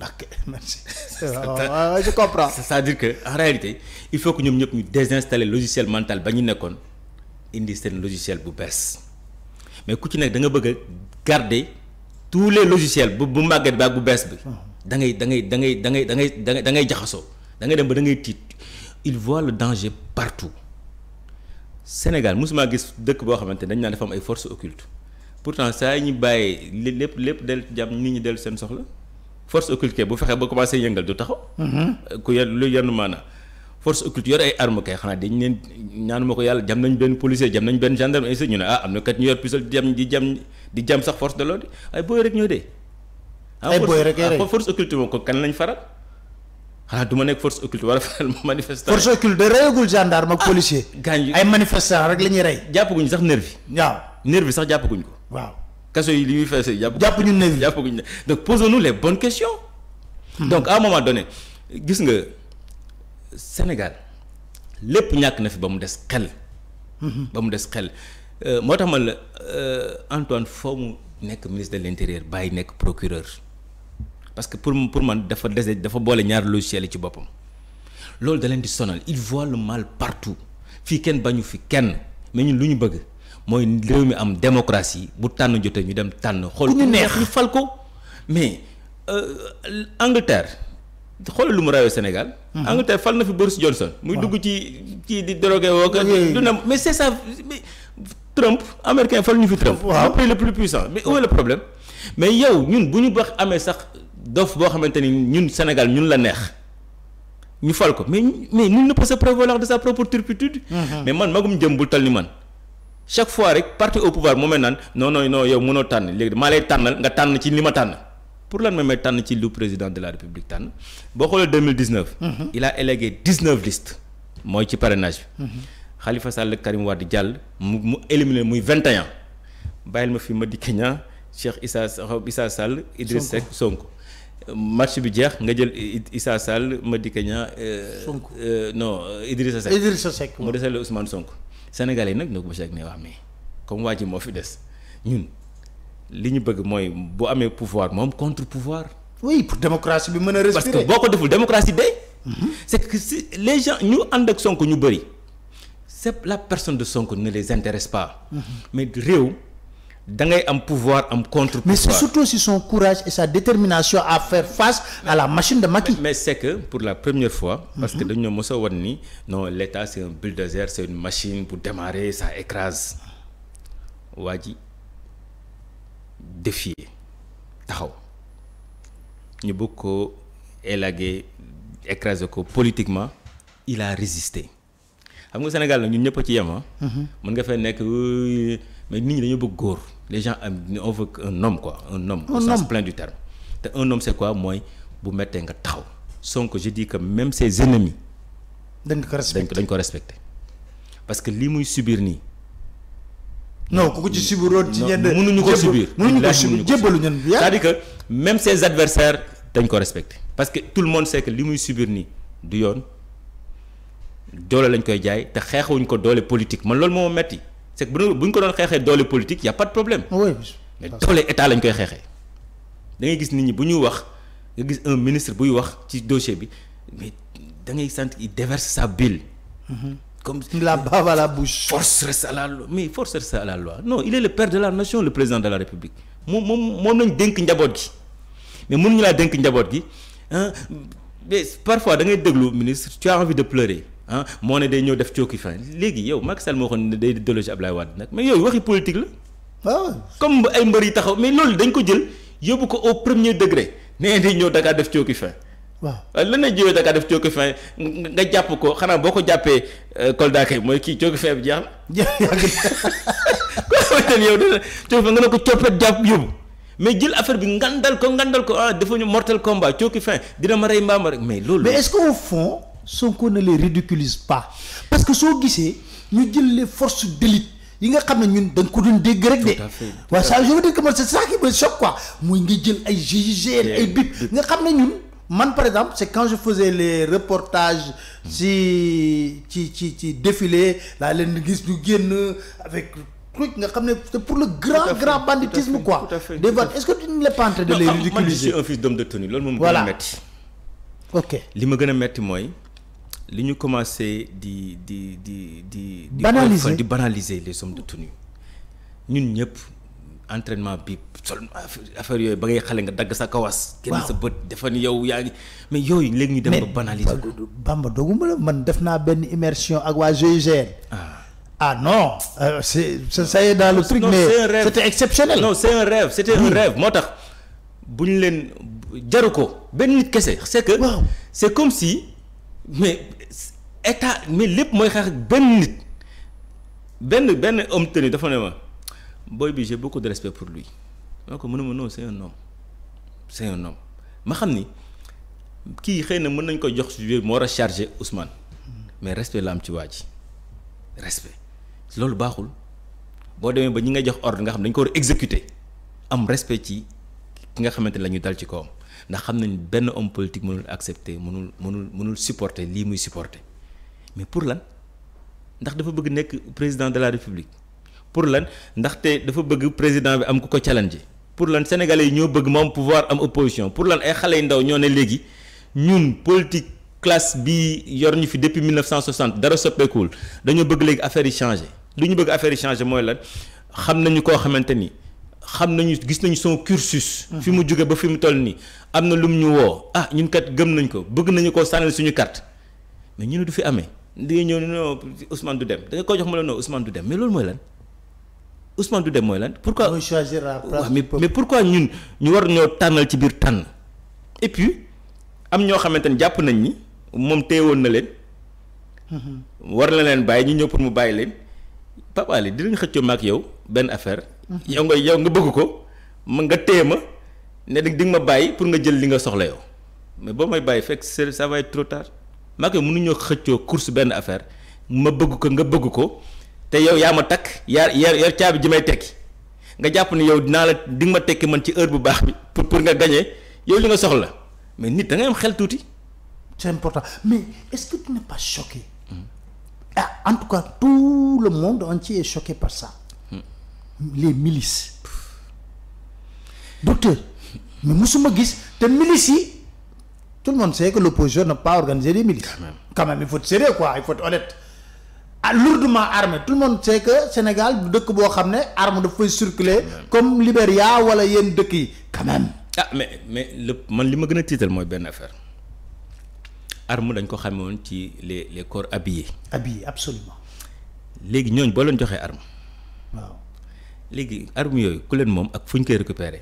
ok [LAUGHS] merci. waaw je c'est-à-dire que en réalité il faut que ñoom ñëpp ñu désinstaller logiciel mental ba ñu nekkoon indi logiciel bu bees mais ku ci nekk da nga bëgg garder tous les logiciels bu bu màgget ba bu bees bi. da ngay da ngay da ngay da ngay da ngay da ngay jaxasoo da ngay dem ba da ngay tiit il voit le danger partout Sénégal mosuma gis dëkk boo xamante dañ naan dafa am ay forces occultes pourtant saa yi ñu bàyyi li lépp del jam nit ñi del seen soxla force occulte bu fexé ba commencé yëngal du taxaw. Mhm. ku yen lu yenn maana force occulte yor ay arme kay xana dañ leen ñaanuma ko yalla jam nañ ben policier jam nañ ben gendarme et ñu ne ah amna kat ñu yor puisal jam di jam di jam sax force de l'ordre ay boy rek ñoo dee. ay ah, boy rek ay ah, force occulte mo ko kan lañ faral. xanaa duma nek force occulte wala faral ma [LAUGHS] manifestant force occulte da gendarme ak ah, policier. ay manifestant rek la ñuy rey. jàppaguñ sax nervi waaw nervi sax jàppaguñ ko waaw kaso yi li muy fees jàpp. jàpp ñu ne jàpp ñu ne donc posez nous les bonnes questions. Hmm. donc à un moment donné gis nga Sénégal lépp ñàkk na fi ba mu des xel. Hmm. ba mu des xel euh, moo tax ma la euh, Antoine foo mu nekk ministre de l'intérieur bàyyi nekk procureur parce que pour pour man dafa des dafa boole ñaar logiciel yi ci boppam loolu da leen di sonal il voit le mal partout fii kenn bañu fi kenn mais ñun lu ñu bëgg moy réew mi am démocratie bu tànn jotee ñu dem tànn. xol ku neex ñu fal ko mais euh, Angleterre xol lu mu rawee Sénégal. Mhm. Angleterre fal na fi Boris Johnson. muy dugg ci ci di drogué wo ko. du na mais c'est ça mais Trump américain fal ñu fi Trump. waaw le plus puissant mais où est le problème. mais yow ñun buñu bax amé sax dof bo xamanteni ñun Sénégal ñun la neex ñu fal ko mais mais nul ne peut se prévaloir de sa propre turpitude. Mhm. mais man magum jëm bu tal ni man chaque fois rek parti au pouvoir moomee nan non non non yow mënoo tan léegi ma lay tanal nga tan ci lima tan pour lan ma may tànn ci lu président de la république tan bo xoolee 2019. Mhm. il a élégué 19 listes moy ci parrainage -hmm. Khalifa Sall Karim Wade jàll mu mu éliminé muy 21 bàyyil ma fi Madické Niang Cheikh Issa Issa Sall. Idriss Seck Sonko. match bi jeex nga jël Issa Sall Madické euh, euh, non Idrissa Seck. Idrissa Seck mu desale Ousmane Sonko sénégalais ne comme je mo fi des ñun liñu bëgg bu pouvoir mom contre pouvoir. oui pour démocratie bi respirer parce que de deful démocratie mhm. c'est que les gens nous, nous ak Sonko ñu c'est la personne de Sonko ne les intéresse pas. Mhm. mais réew da un am pouvoir un contre pouvoir mais c'est surtout sur son courage et sa détermination à faire face à la machine de Macky. mais, c'est que pour la première fois. Mhm. parce que nous mos ni non l'État c'est un bulldozer c'est une machine pour démarrer ça écrase Wadi défié. défier taxaw ñu bëgg ko écrasé politiquement il a résisté xam nga Sénégal nous ñun ñëpp a ci ah. mhm. mën nga mais nit ñi dañoo bëgg góor les gens on veut un homme quoi un homme. un au homme. sens plein du terme un homme c'est quoi vous bu un nga Sans que je dis que même ses ennemis. dañ ko respecté dañ ko respecté parce que li muy subir ni. non ku ko ci subir woon ci ñenn ko subir mënuñu ko subir c'est-à-dire que même ses adversaires dañ ko respecté parce que tout le monde sait que li muy subir ni. du yoon doole lañ koy jaay te xeexuñ ko d'olé politique man loolu metti c'est que bu ñu ko doon xeexee doole politique y' a pas de problème. oui mais dans état lañ koy xeexee. da ngay gis nit ñi bu ñuy wax nga un ministre buy wax ci dossier bi mais da ngay sentir il déverse sa bile. Mhm. comme la bave à la bouche. force ça à la loi mais force ça à la loi non il est le père de la nation le président de la république moom moom moom lañ dénk njaboot gi mais mënuñu laa dénk njaboot gi hein mais parfois da ngay déglu ministre tu as envie de pleurer. ah moo ne day ñëw def cooki fan léegi yow Macky Sall moo waxoon ne day déloger Ablaye Wade nag mais yooyu waxi politique la. waaw ah comme ay mbër yi taxaw mais loolu dañ ko jël yóbbu ko au premier degré nee day ñëw Dakar def cooki fin waaw euh, lan la jiwee Dakar def cooki fin nga jàpp ko xanaa boo ko jàppee euh, Kolda kay mooy kii cooki fin bi jeex na. [LAUGHS] [LAUGHS] koo xamante ni nga ne ko coppet jàpp yóbbu mais jël affaire bi ngandal ko ngandal ko ah dafa ñu mortel combat cooki fin dina ma rey mbaam rek mais loolu. mais est-ce fond. Sonko ne les ridiculise pas parce que soo guissé ñu jël les forces d'élite yi nga xam quand ñun dañ ko doon dégg rek de. waaw ça je veux dire que man c'est ça qui me choque quoi moi ngi jël ay GIGN ay BIP nga xam ñun man par exemple c'est quand je faisais les reportages ci ci ci ci défilé la leen du gis génn avec. nga c'est pour le grand grand banditisme quoi est-ce que tu ne l'es pas en train de les ridiculiser ah, je suis un fils d'homme de tenue voilà ok li ma gën metti li ñu commencé di di di di. di banaliser di banaliser les hommes de tenue ñun ñëpp entraînement bi sol affaire yooyu ba ngay xale nga dagg sa kawas. kenn sa bët dafa ni yow yaa ngi mais yooyu léegi ñu dem ba banaliser ko. Bamba doguma la man def naa benn immersion ak waa GIGN. Ah. ah non. Euh, c'est ça y est dans le truc non, mais c'était exceptionnel. non c'est un rêve c'était oui. un rêve Motax buñ bu ñu leen jaru ko nit kese c'est que. waaw c'est comme si mais état mais lepp moy xax ben ben nit homme tenu dafa ne ma bi j'ai beaucoup de respect pour lui donc mon non c'est un homme c'est un homme ma xamni ki xeyna xëy mën nañ ko jox ci mo war charger Ousmane mais respect la am ci waa respect loolu baxul bo demee ba ñi nga jox ordre nga xam dañ ko exécuter am respect ci ki nga xamanteni lañu la dal ci kawam ndax xam nañ benn homme politique mënul accepter mënul mënul mënul supporter lii muy supporter mais pour lan ndax dafa bëgg nekk président de la république pour lan ndaxte dafa bëgg président bi am ku ko challenge pour lan sénégalais yi ñoo bëgg moom pouvoir am opposition pour lan ay xale yu ndaw ñoo ne léegi ñun politique classe bi yor ñu fi depuis 1960 dara soppeekuwul dañoo bëgg léegi affaire yi changé lu ñu bëgg affaire yi changé mooy lan xam nañu koo xamante ni xam nañu gis nañu son cursus. Mmh. fi mu jóge ba fi mu toll nii am na lum ñu woo ah ñun kat gëm nañ ko bëgg nañu ko sànnil suñu carte mais ñun du fi amee di nga ñëw du dem da nga jox ma la non Ousmane du dem mais loolu mooy lan Ousmane du dem mooy lan. pourquoi mooy choisir la place mais mais pourquoi ñun ñu war ñoo tànnal ci biir tànn et am ñoo xamante ne jàpp nañ ni moom téye woon na leen. Mm-hmm. war na leen bàyyi ñu ñëw pour mu bàyyi leen Pape Alé dinañ xëccoo ma ak yow benn affaire. Mm-hmm. yow nga yow nga bëgg ko nga téye ma. ne di nga ma bàyyi pour nga jël li nga soxla yow mais boo may bàyyi fekk ça va être trop tard maa koy mënuñoo xëccoo course benn affaire ma bëgg ko nga bëgg ko te yow yaa ma takk yaa yar yor caabi ji may tekki nga jàpp ne yow dinaa la di ma tekki man ci heure bu baax bi pour pour nga gagné yow li nga soxla mais nit da ngay am xel tuuti. c'est important mais est-ce que tu pas choqué. Hmm. ah en tout cas tout le monde entier est choqué par ça. Hmm. les milices. mais musuma gis te milices tout le monde sait que l'opposition n'a pas organisé des milices. quand même il faut être sérieux quoi il faut être honnête. Ah, lourdement armé tout le monde sait que Sénégal de boo xam armes de feu circuler comme Libéria ou Yen dëkk qui. quand même. ah mais mais le man li ma gën a tiital affaire Armes, dañ ko les les corps habillés. habillés absolument léegi ñooñu boo leen les arme. waaw léegi armes, yooyu ku leen moom ak koy récupérer.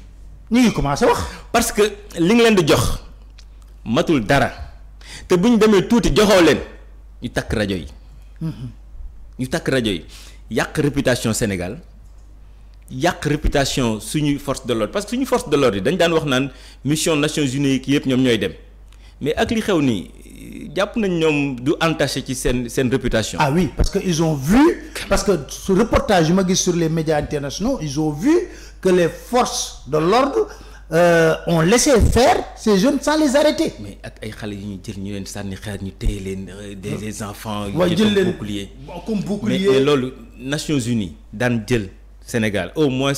commencé wax. parce que li nga leen di jox matul dara te bu ñu demee tuuti joxoo leen ñu takk rajo yi. ñu takk rajo yi yàq réputation Sénégal yàq réputation suñu force de l'ordre parce que suñu force de l'ordre yi dañ daan wax naan mission Nations Unies yëpp ñoom ñooy dem mais ak li xew nii jàpp nañ ñom du entaché ci sen réputation. ah oui parce que ils ont vu parce que ce reportage sur les médias internationaux ils ont vu que les forces de l'ordre euh, ont laissé faire ces jeunes sans les arrêter. mais ak ay xalé yi ñu jël ñu leen xéer ñu euh, des enfants. jël comme bouclier mais lolu Nations Unies dans jël Sénégal au moins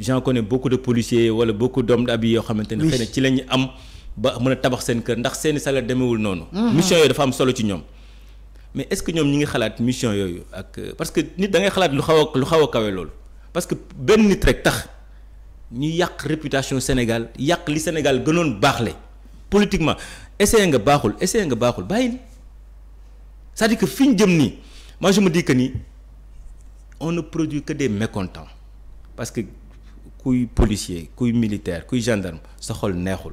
j'en connais beaucoup de policiers wala beaucoup d'hommes d'habits ci ba mën tabax seen kër ndax seeni salaire demewul noonu. mission yooyu dafa am solo ci ñoom. mais est-ce que ñoom ñi ngi xalaat mission yooyu ak parce que nit da ngay xalaat lu xaw a lu xaw a kawe loolu parce que benn nit rek tax ñu yàq réputation Sénégal yàq li Sénégal gënoon baaxle politiquement essayé nga baaxul essayé nga baaxul bàyyi c'est-à-dire que fi jëm nii moi je me dis que ni on ne produit que des mécontents parce que kuy policier kuy militaire kuy gendarme sa xol neexul.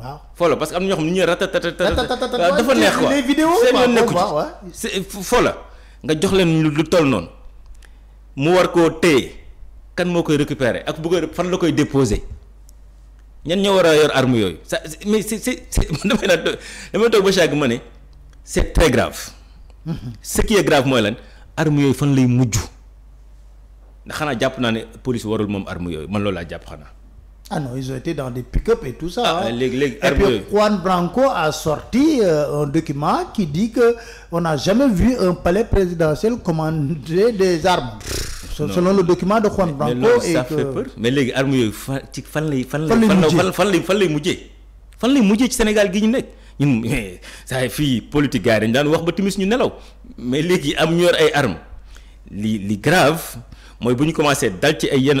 waaw foola parce que am na ñoo xam ne ñu ratatata dafa neex quoi seen yoon nekku ci foola nga jox leen lu toll noonu mu war koo téye kan moo koy récupérer ak bu koy fan la koy déposer ñan ñoo war a yor arme yooyu sa mais c'est c'est [LAUGHS] damay naan damay toog ba chaque ma ne c'est très grave mm-hmm. ce qui est grave mooy lan arme yooyu fan lay mujj ndax xanaa jàpp naa ne police warul moom arme yooyu man loolu laa jàpp xanaa Ah non, ils ont été dans des pick-up et tout ça. Ah, hein. les, les et puis Juan Branco a sorti euh, un document qui dit que on n'a jamais vu un palais présidentiel commander des armes. Non. selon le document de Juan Branco. ça et fait que... peur mais les armes il fan les mouiller. Il faut les mouiller au fan Sénégal eh, Ça fait politique gars faut ou à wax ba mais les am et armes Les graves grave mooy bu à commencé dal ci ay un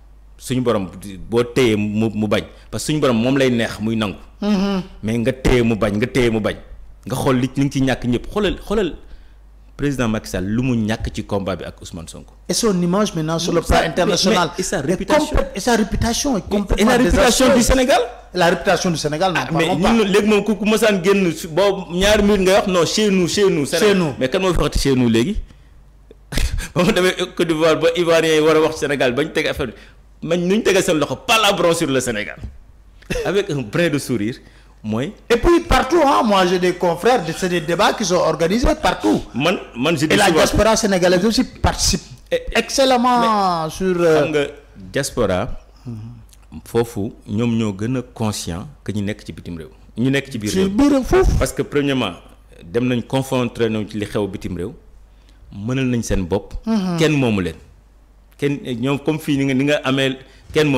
suñu borom bo téyé mu mu bañ parce que suñu borom mom lay neex muy nangu. Mm-hmm. mais nga téyé mu bañ nga téyé mu bañ nga xol li li ci ñak ñëpp xolal xolal président Macky Sall lu mu ñak ci combat bi ak Ousmane Sonko. et son image maintenant sur le plan international. et sa réputation et sa réputation est complètement et la réputation du Sénégal. la réputation du Sénégal. ah mais ñun léegi moom ku ku mosaan génn bo ñaar minute nga wax non chez nous chez nous. chez nous mais kan moo fi chez nous légui [LAUGHS] ba mu demee Côte d'Ivoire ba Ivoiriens yi war a wax Sénégal bañ tégg affaire mais nous ñu sommes pas loxo sur le Sénégal avec un brin de sourire moi et puis partout hein, moi j'ai des confrères c'est des débats qui sont organisés partout. man man et la diaspora sénégalaise aussi participe. excellemment sur. La euh, diaspora. il vous que nous a conscients que nous sommes ci bitim réew. ñu nekk ci biir parce que premièrement dem nañ confronter nañ le li xew sommes réew mënal nañ seen qui mhm. kenn kenn ñoom comme fii ni nga ni ken amee kenn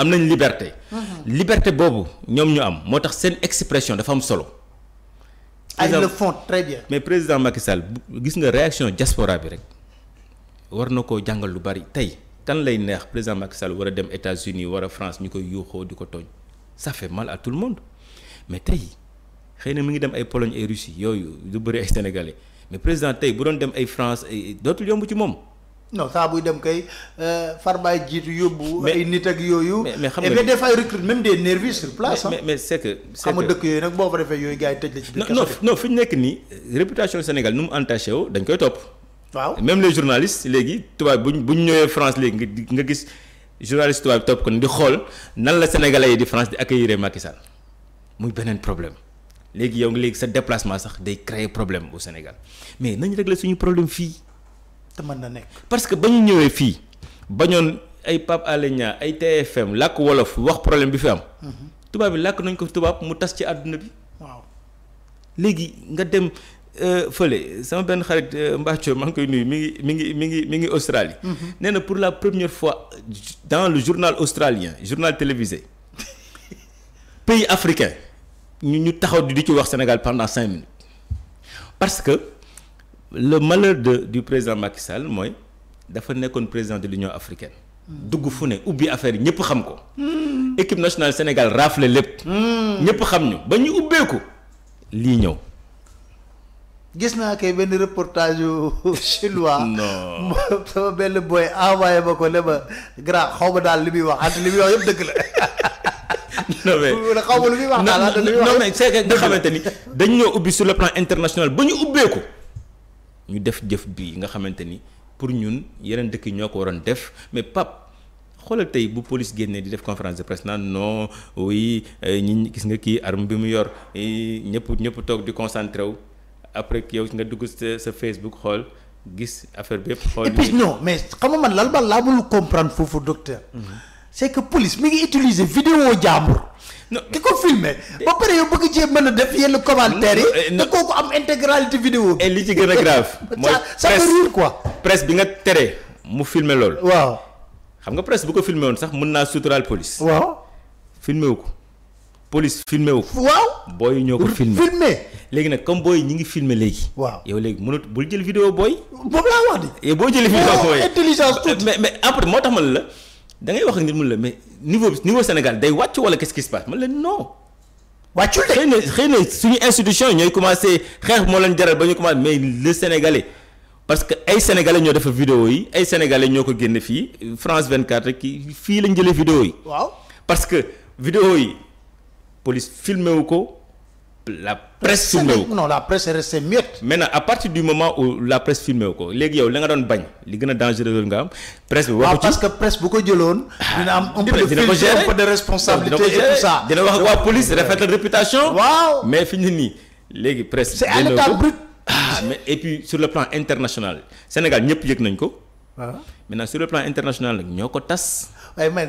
am nañ liberté mhm. liberté bobu ñom ñu am motax sen expression dafa am solo ah, ils le font très bien mais président Macky Sall gis nga réaction diaspora bi rek warnako jangal lu bari tay kan lay neex président Macky Sall war dem États-Unis wara France ñu koy yuuxoo diko togn ça fait mal à tout le monde mais tay xëy mi ngi dem ay Pologne ay Russie yoyu du bari ay Sénégalais mais président tay bu doon dem ay France dootul yomb ci mom non ça dem kay euh, jitu ay nit ak et eh bien recrute même des nervis sur place. mais hein. mais c'est que. c'est que il la ci non non ni Sénégal nous entaché koy top. même les journalistes légui tubaab buñ France légui nga gis journaliste sont top kon di xol nan la sénégalais yi di France di accueillir Macky Sall muy un problème. sont yow légui sa déplacement sax day créer problème au Sénégal mais nañ régler suñu problème fii parce que on ay TFM wolof problème Australie. pour la première fois dans le journal australien journal télévisé [LAUGHS] pays africain nous taxaw Sénégal pendant 5 minutes parce que le malheur du président Macky Sall moi, dafa nekkoon président de l'Union africaine. Dougoufoune, fu ne affaire xam ko. équipe nationale Sénégal rafle a pas xam ñu ba ñu gis na kay reportage chinois. [LAUGHS] non sama boy envoyé ma xawba dal limi wax limi la. [LAUGHS] non mais [LAUGHS] non mais c'est que nga dañ ñoo sur le plan international pas ko ñu def jëf bi nga xamante ni pour ñun yeneen dëkk yi ñoo ko waroon def mais pap xoolal tey bu police génnee di def conférence de presse naan non oui euh, ñi gis nga kii arme bi mu yor ñëpp ñëpp toog di concentré wu après yow nga dugg sa sa Facebook xool gis affaire bi yëpp. xool et mais xam lal ba laa mënul comprendre foofu docteur. Mhm. c'est que police mi ngi utiliser vidéo jàmbur. ki ko filmé ba pare yow bëgg cee mën a def yenn commentaire yi. te kooku am intégralité vidéo et li ci gën grave. [LAUGHS] ça veut dire quoi. presse bi nga tere mu filmer lol, waaw xam nga presse bu ko filmé woon sax mën naa suturaal police. waaw filmé wu ko. police filmé wu ko. boy booy yi ñoo ko. filmé filmé. léegi nag comme boy, ñi ngi filmé légui. waaw yow légui mënut bul jël vidéo boy, boobu la wax de. yow eh, boo jëlee vidéo oh, boy, intelligence mais mais après motax tax ma la dangay wax ak nit mu la mais niveau niveau Sénégal day wàcc wala qu'est-ce qui se passe man la non. wàccul de xëy na xëy na suñu institution yi ñooy commencé xeex moo leen jaral ba ñu commencé mais le sénégalais parce que ay sénégalais ñoo defar vidéo yi ay sénégalais ñoo ko génne fii France 24 qui fii lañ jëlee vidéo yi. waaw parce que vidéo yi police filmé wu ko la presse non la presse est restée maintenant à partir du moment où la presse filmé ko léegi yow la les dangereux nga presse ah, parce que presse de de responsabilité et tout ça. dina réputation. mais fini ni presse. c'est ah, et puis sur le plan international Sénégal ñëpp plus nañ ah. maintenant sur le plan international mais la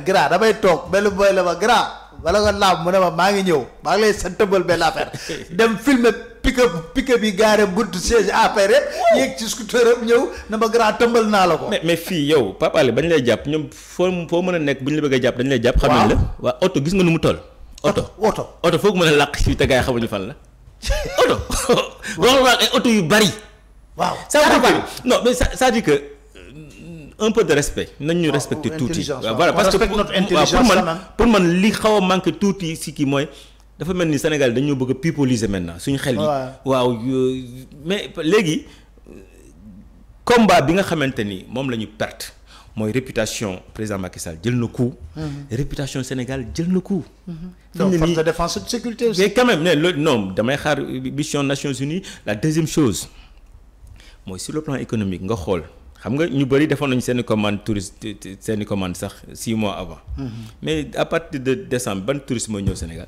wala nga laam mu ne ma maa ngi ñëw maa ngi lay sa tëbal benn affaire [LAUGHS] dem filmer pick-up pick-up yi gaare buntu siège affaire yéeg ci scooter am ñëw na ma grand tëmbal naa la ko. mais mais fii yow Pape Alé bañ lay jàpp ñoom foo foo mën a nekk bu ñu la bëggee jàpp dañ lay jàpp. xam la waa oto gis nga nu mu toll. oto oto oto foog mën a làq fii te gars yi xamuñu fan la [LAUGHS] oto. [LAUGHS] wax nga ay oto yu bari. waaw saa veut dire un peu de respect Nous oh, respectons respecter oh, voilà parce que pour man pour man li xaw que tout ici si moi, mooy dafa Sénégal dañoo bëgg a maintenant suñu xel yi waaw mais combat bi nga xamanteni mom lañu la ñu perte réputation président Macky Sall jël na coup. Mm-hmm. réputation Sénégal jël na coup. Mm-hmm. donc force de défense et de sécurité aussi. mais quand même le nom non damay xaar mission Nations Unies la deuxième chose moy sur le plan économique nga xol xam nga ñu bëri defoon nañu seen commande touriste seen commande sax six mois avant. Mhm. mais à partir de décembre ban touriste mooy ñëw Sénégal.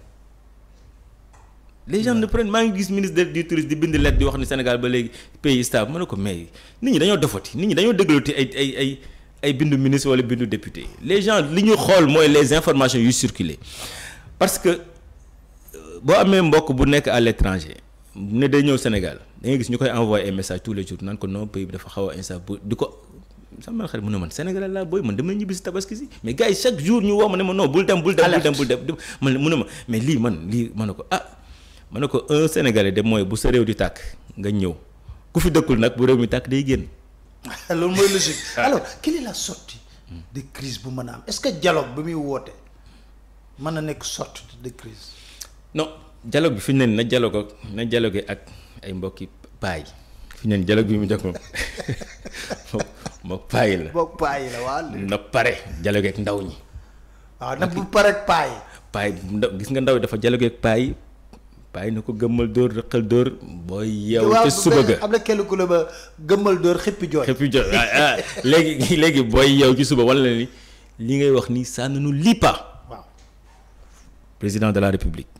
les gens ne prennent maa ngi gis ministre du tourisme di bind lettre di wax ni Sénégal ba léegi pays stable ma ne ko mais nit ñi dañoo dofati nit ñi dañoo dégluti ay ay ay ay bindu ministre wala bindu député les gens li ñu xool mooy les informations yu circulé parce que euh, boo amee mbokk bu nekk à l'étranger ne day ñëw Sénégal da ngay gis ñu koy envoyé ay message tous les jours naan ko non pays bi dafa xaw a instant bu di ko sama xarit mu ne man Sénégal laa booy man dama ñibbi si tabaski si mais gars yi chaque jour ñu woo ma ne ma non bul dem bul dem bul dem bul dem man mu ne ma mais lii man lii ma ne ko ah ma ne ko un Sénégalais de mooy bu sa réew di tàkk nga ñëw ku fi dëkkul nag bu réew mi tàkk day génn. [LAUGHS] loolu mooy logique alors quelle la sortie de crise bu mën a am est-ce que dialogue bi muy woote mën na nekk sortie de dialogue bi fi ñu ne na dialogue ak na dialogue ak ay mbokki paay fi ñu ne dialogue bi mu jox moom moom paay la. na pare dialogue ak ndaw ñi. waaw ah, na bu pare ak paay. paay gis nga ndaw dafa dialogue ak paay paay na ko gëmmal dóor rëqal dóor. booy yeewu am kenn ku la ba gëmmal dóor xëppi ah, léegi [LAUGHS] léegi booy yeewu ci suba wala ni li ngay wax nii sànni nu lii président de la république.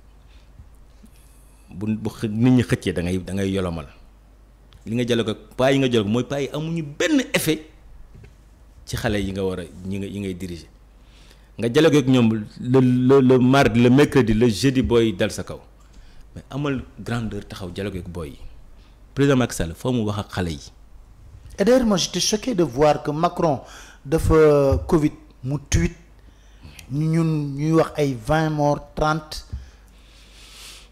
bu nit ñi xëccee da ngay da ngay yolomal li nga jël ko paa yi nga jël ko mooy paa yi amuñu benn effet ci xale yi nga war a ñi nga yi ngay diriger nga jël ko ak ñoom le le le mardi le mercredi le jeudi booy dal sa kaw mais amal grandeur taxaw jël ko ak booy président Macky Sall foo mu wax ak xale yi. et d'ailleurs moi j'étais choqué de voir que Macron dafa euh, Covid mu tweet ñun ñuy wax ay 20 morts 30.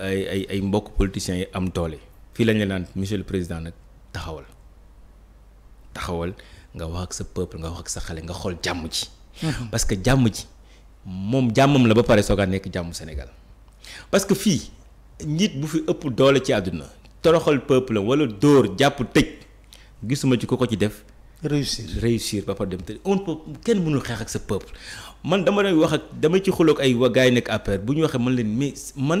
ay ay mbokk politiciens yi am doole fii lañ la naan monsieur le président nag taxawal taxawal nga wax ak sa peuple nga wax ak sa xale nga xool jàmm ji. Mhm. parce que jàmm ji moom jàmmam la ba pare soogaa nekk jàmm Sénégal parce que fii njiit bu fi ëpp doole ci àdduna toroxal peuple wala dóor jàpp tëj gisuma ci ko ko ci def. réussir réussir ba pare dem te on kenn mënul xeex ak sa peuple man dama doon wax ak dama ci xuloog ay waa gars yi nekk APR bu ñu waxee man leen mais man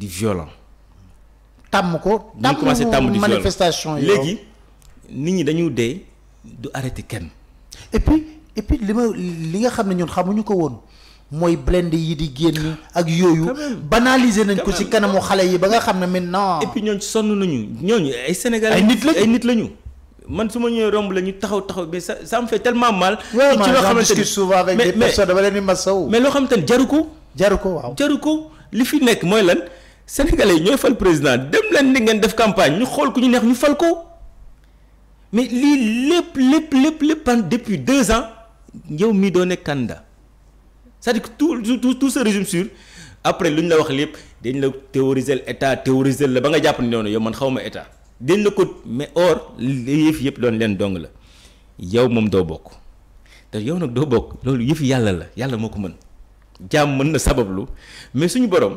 Du violent tàmm ko dañu manifestation Légui, nit ñi dañu du arrêté et puis et puis li que nga xam ñun xamuñu ko yi di gens ak banaliser nañ ko ci kanamu xalé yi ba nga maintenant et puis nañu ñooñu ay sénégalais ay nit lañu man romb taxaw taxaw ça me fait tellement mal ci ont ni souvent avec des personnes dama mais li fi sénégalais ñooy fal président dem leen ni ngeen def campagne ñu xool ko ñu neex ñu fal ko mais lii lépp lépp lépp lépp pan depuis deux ans yow mii doo nekk candidat c'est-à-dire que tout tout tout sa résume sur après lu ñu la wax lépp dañ la théoriser état théoriser la ba nga jàpp ne noonu yow man xawma ma état dañ la ko mais or li yëf yëpp doon leen dong la yow moom doo bokk te yow nag doo bokk loolu yëf yàlla la yàlla moo ko mën jaam mën na sabablu mais suñu borom.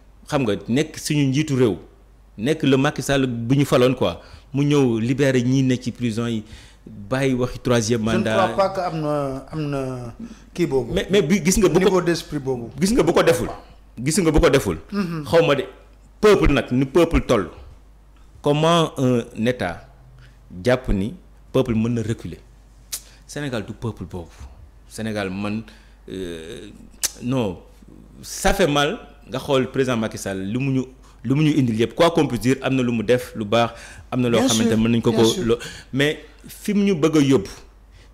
xam nga nekk suñu njiitu réew nekk le Macky Sall bu ñu faloon quoi mu ñëw libérer ñi ne ci prison yi bàyyi waxi troisième mandat. je ne crois pas que am na am na kii boobu. mais mais bi gis nga. bu ko niveau d'esprit boobu. gis nga bu ko deful. gis nga bu ko deful. Mhm. xaw ma de peuple nag ni peuple toll. comment un état jàpp ni peuple mën na reculer Sénégal du peuple boobu Sénégal man euh, non ça fait mal nga xol président Macky Sall lu mu lu indil quoi qu'on puisse dire am lu mu def lu baax amna lo loo xamante mën nañ ko ko mais fi ñu bëgg yob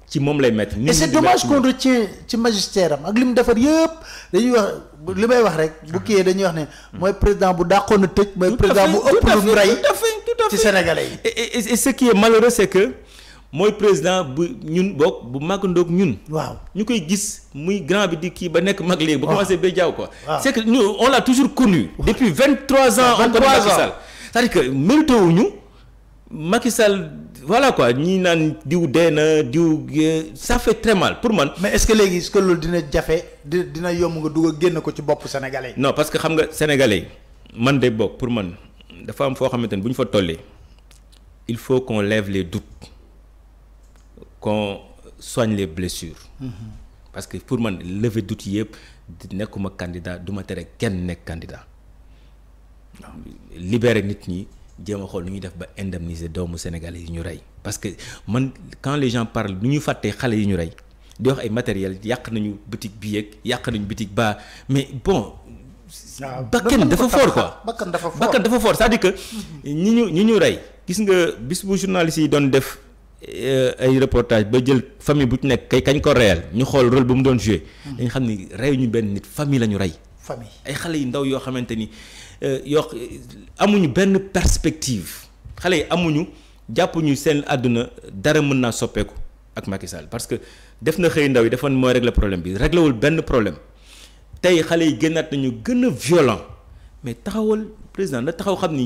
ci mom lay mettre et c'est dommage qu'on retient ci magistère ak limu mu defar dañuy wax li may wax rek bu kiyee dañuy wax né moy président bu dàqoon a tëj président bu ëpp lu mu ci sénégalais et ce qui est malheureux c'est que moi président bu ñun bokk bu mag ñun. waaw ñukay gis muy grand bi di kii ba nek mag léegi. ba commencé be jaaw quoi. c'est que nous on l'a toujours connu. depuis 23 ans. vingt trois ans Macky Sall c'est-à-dire que mérité wuñu Macky Sall voilà quoi ñi nan diou dee na ça fait très mal pour man. mais est-ce que légui est-ce que loolu dina jafé dina yom nga dugg a génn ko ci bop sénégalais non parce que xam nga sénégalais man day bok pour man dafa am fo xamante buñ fa tollé il faut qu'on lève les doutes soigne les blessures. parce que pour moi, lever n'est comme un candidat du ma tere kenn qu'un candidat libérer nit ñi jéem a xool nu ñuy def ba indemniser doomu Sénégalais parce que quand les gens parlent nous ñu fàttee à yi ñu rey di wax ay matériel a nañu boutique bi y a nañu boutique bas mais bon. c'est ah, dafa fort quoi C'est dafa fort fort c'est-à-dire que. nous ñu rey gis nga journaliste yi euh, ay reportage ba jël famille bu ci nekk kay kañ ko réel ñu xol rôle bu mu doon ont hmm. dañ xamni ni ñu ben nit famille famille ay xalé ndaw euh, perspective xalé yi amuñu seen aduna dara mën ak Macky Sall parce que def na xey ndaw yi dafa mooy régler problème bi réglé wul problème tay xalé yi nañu violent mais président taxaw xamni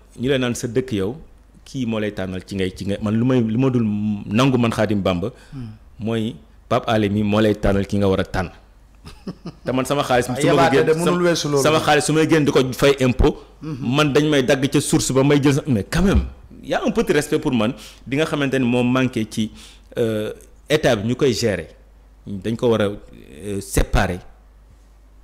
ñu lay naan sa dëkk yow kii moo lay tànnal ci ngay ci ngay man lu may lu ma dul nangu man Xaadim Bamba hmm. mooy Pape Alé mi moo lay tànnal ki nga war a tànn [LAUGHS] te man sama xaalis ah, su ma génn sama xaalis su may génn di ko fay impôt hmm. man dañ may dagg ca source ba may jël sa mais quand même y respect pour man bi nga xamante ne moo manqué ci euh, état bi ñu koy gérer dañ ko war a euh, séparer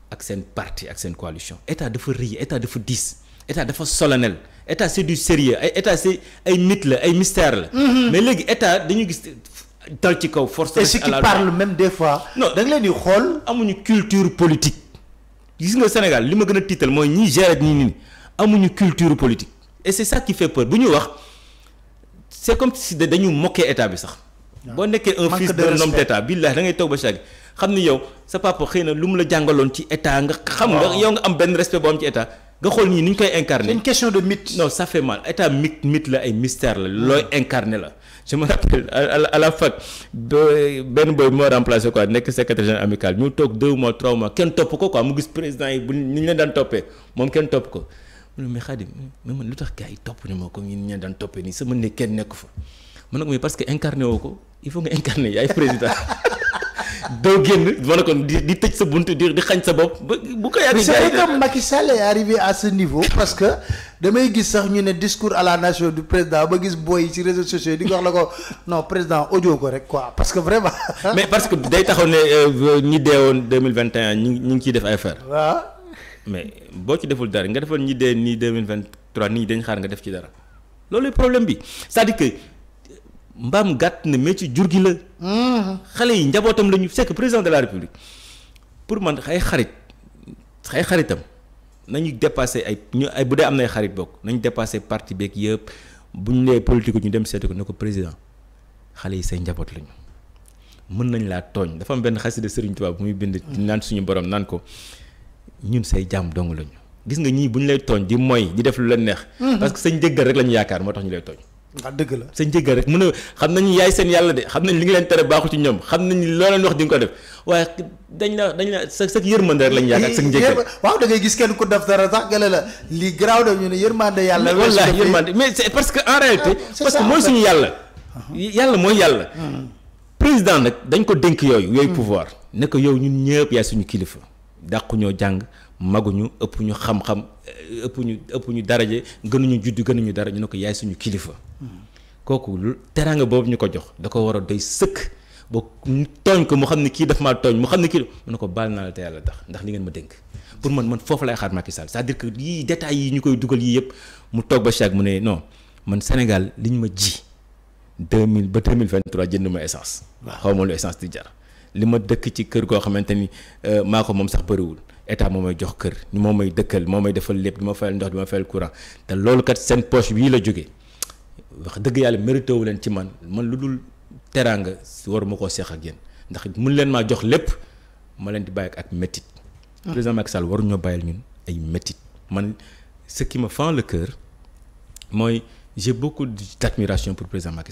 ak seen parti ak seen coalition état dafa rëy état dafa diis état dafa solennel état c'est du sérieux ay état c'est ay nit la ay mystère la. Mhm. mais les, état dañu gis dal ci kaw. force rek à la parle même des fois. non da nga leen di xool. amuñu culture politique gis nga Sénégal li ma gën a ni mooy ñi gérer ñi nii amuñu culture politique. et c'est ça qui fait peur Bonjour, wax c'est comme si dañu moquer état bi sax. Ah. boo nekkee un fils d'un homme d'état billahi da ngay taw ba chaque xam yow sa papa xeyna lum la jàngaloon ci état nga. xam nga ah. yow nga am ben respect boo am ci état nga ni ñu koy incarné. c'est une question de mythe. non ça fait mal état mythe mythe la ay mystère la looy incarné la. je me rappelle à, la fac Ben Boy moo remplacé quoi que secrétaire général amical nous toog deux mois trois mois kenn topp ko quoi mu gis président yi bu ni ñu leen daan toppee top kenn topp ko. mu ne mais Khadim mais man lu tax top yi topp ni ma ko ni ñu topé ni c'est mon sama ne kenn nekk fa man nag mooy parce que incarné woo il faut nga incarné yaay président. [LAUGHS] doo génn wala kon di di tëj sa bunt di di xañ sa bopp bu ko yàgg. c'est que Macky Sall est arrivé à ce niveau parce que damay gis sax ñu ne discours à la nation du président ba gis boy ci réseaux sociaux di ko wax la ko non président audio ko rek quoi parce que vraiment. [LAUGHS] mais parce que day taxaw ne euh, ñi deewoon 2021 ñi ngi ciy def ay affaire. mais boo ci deful dara nga defoon ñi dee ni 2023 ni dañ xaar nga def ci dara loolu problème bi c'est-à-dire que. mbaam gàtt na mais ci jur gi la. xale yi njabootam la ñu fekk président de la république pour man ay xarit xay xaritam nañu dépassé ay ñu ay bu dee am na ay xarit bokk nañu dépassé parti beeg yëpp bu ñu nee politique ñu dem seeti ko ne ko président xale yi say njaboot lañu. mën nañ laa tooñ dafa am benn xasida Serigne Touba bu muy bind. naan suñu borom naan ko ñun say jàmm dong lañu. gis nga ñii bu ñu lay tooñ di mooy di def lu leen neex. parce que sañ jéggal rek la yaakaar moo tax ñu lay tooñ. ndax dëgg la sa njëggal rek mën a xam nañu yaay seen yàlla de xam nañ li nga leen tere baaxu ci ñoom xam nañ loo leen wax di nga ko def waaye dañ la dañ la lañ yaakaar ak sa da ngay gis kenn ku def dara sax gëla la lii garaaw def ñu ne yërmande yàlla wallaahi yërmande mais c'est parce que en ah, réalité parce que mooy suñu yàlla uh-huh. yàlla mooy yàlla hmm. président nag dañ ko dénk yooyu yooyu hmm. pouvoir ne ko yow ñun ñëpp yaay suñu kilifa dàqu ñoo jàng maguñu ëpp ñu xam-xam euh, ëpp ñu ëpp ñu daraje gënuñu juddu gënuñu dara ñu ne ko yaay suñu kilifa kooku lu teraanga boobu ñu ko jox da ko war a doy sëkk ba tooñ ko mu xam ne kii daf maa tooñ mu xam ne kii ne ko baal naa la te yàlla tax ndax li ngeen ma dénk pour man man foofu lay xaar Macky Sall c'est-à-dire que yii yi ñu koy dugal yii yëpp mu toog ba chaque mu ne non man Sénégal li ñu ma ji 2000 ba 2023 jënd ma essence. waaw xaw ma lu essence di jar li ma dëkk ci kër goo xamante ni euh, maa ko moom sax bëriwul. état momay jox keur je defal lepp fayal ndox fayal courant te lolou kat sen poche la wax wu ci man man ak ndax jox ma len di bay ah. président Macky Sall ñu bayal ñun ay métit ce qui me fend le cœur j'ai beaucoup d'admiration pour président Macky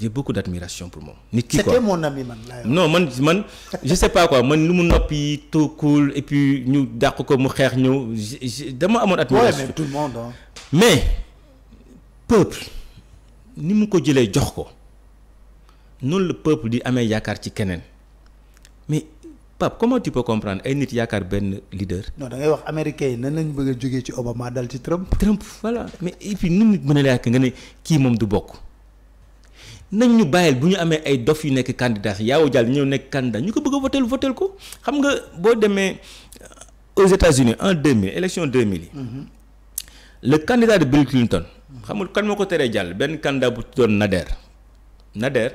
j'ai beaucoup d'admiration pour moi. nit ki quoi c'était mon ami man. non man man je sais pas quoi man nous mu noppi tout cool et puis ñu dàq ko mu nous. ñëw dama amoon admiration. ouais mais tout le monde hein. mais peuple ni mon ko les jox ko le peuple di amee yakar ci kenen. mais Pape comment tu peux comprendre un nit yaakaar leader. non da ngay wax américain yi nan lañu bëgg a ci Obama dal ci Trump. Trump voilà mais et puis nous nit mën a yaakaar nga ne du bokk. nañ ñu bàyyil bu ñu amee ay dof yu nekk candidat yaaw jàll ñoo nekk candidat ñu ko bëgg a votel votel ko xam nga boo demee euh, aux États-Unis en 2000 élection 2000 yi. Mm-hmm. le candidat de Bill Clinton. xam nga kan moo ko teree jàll benn candidat bu tuddoon Nader. Nader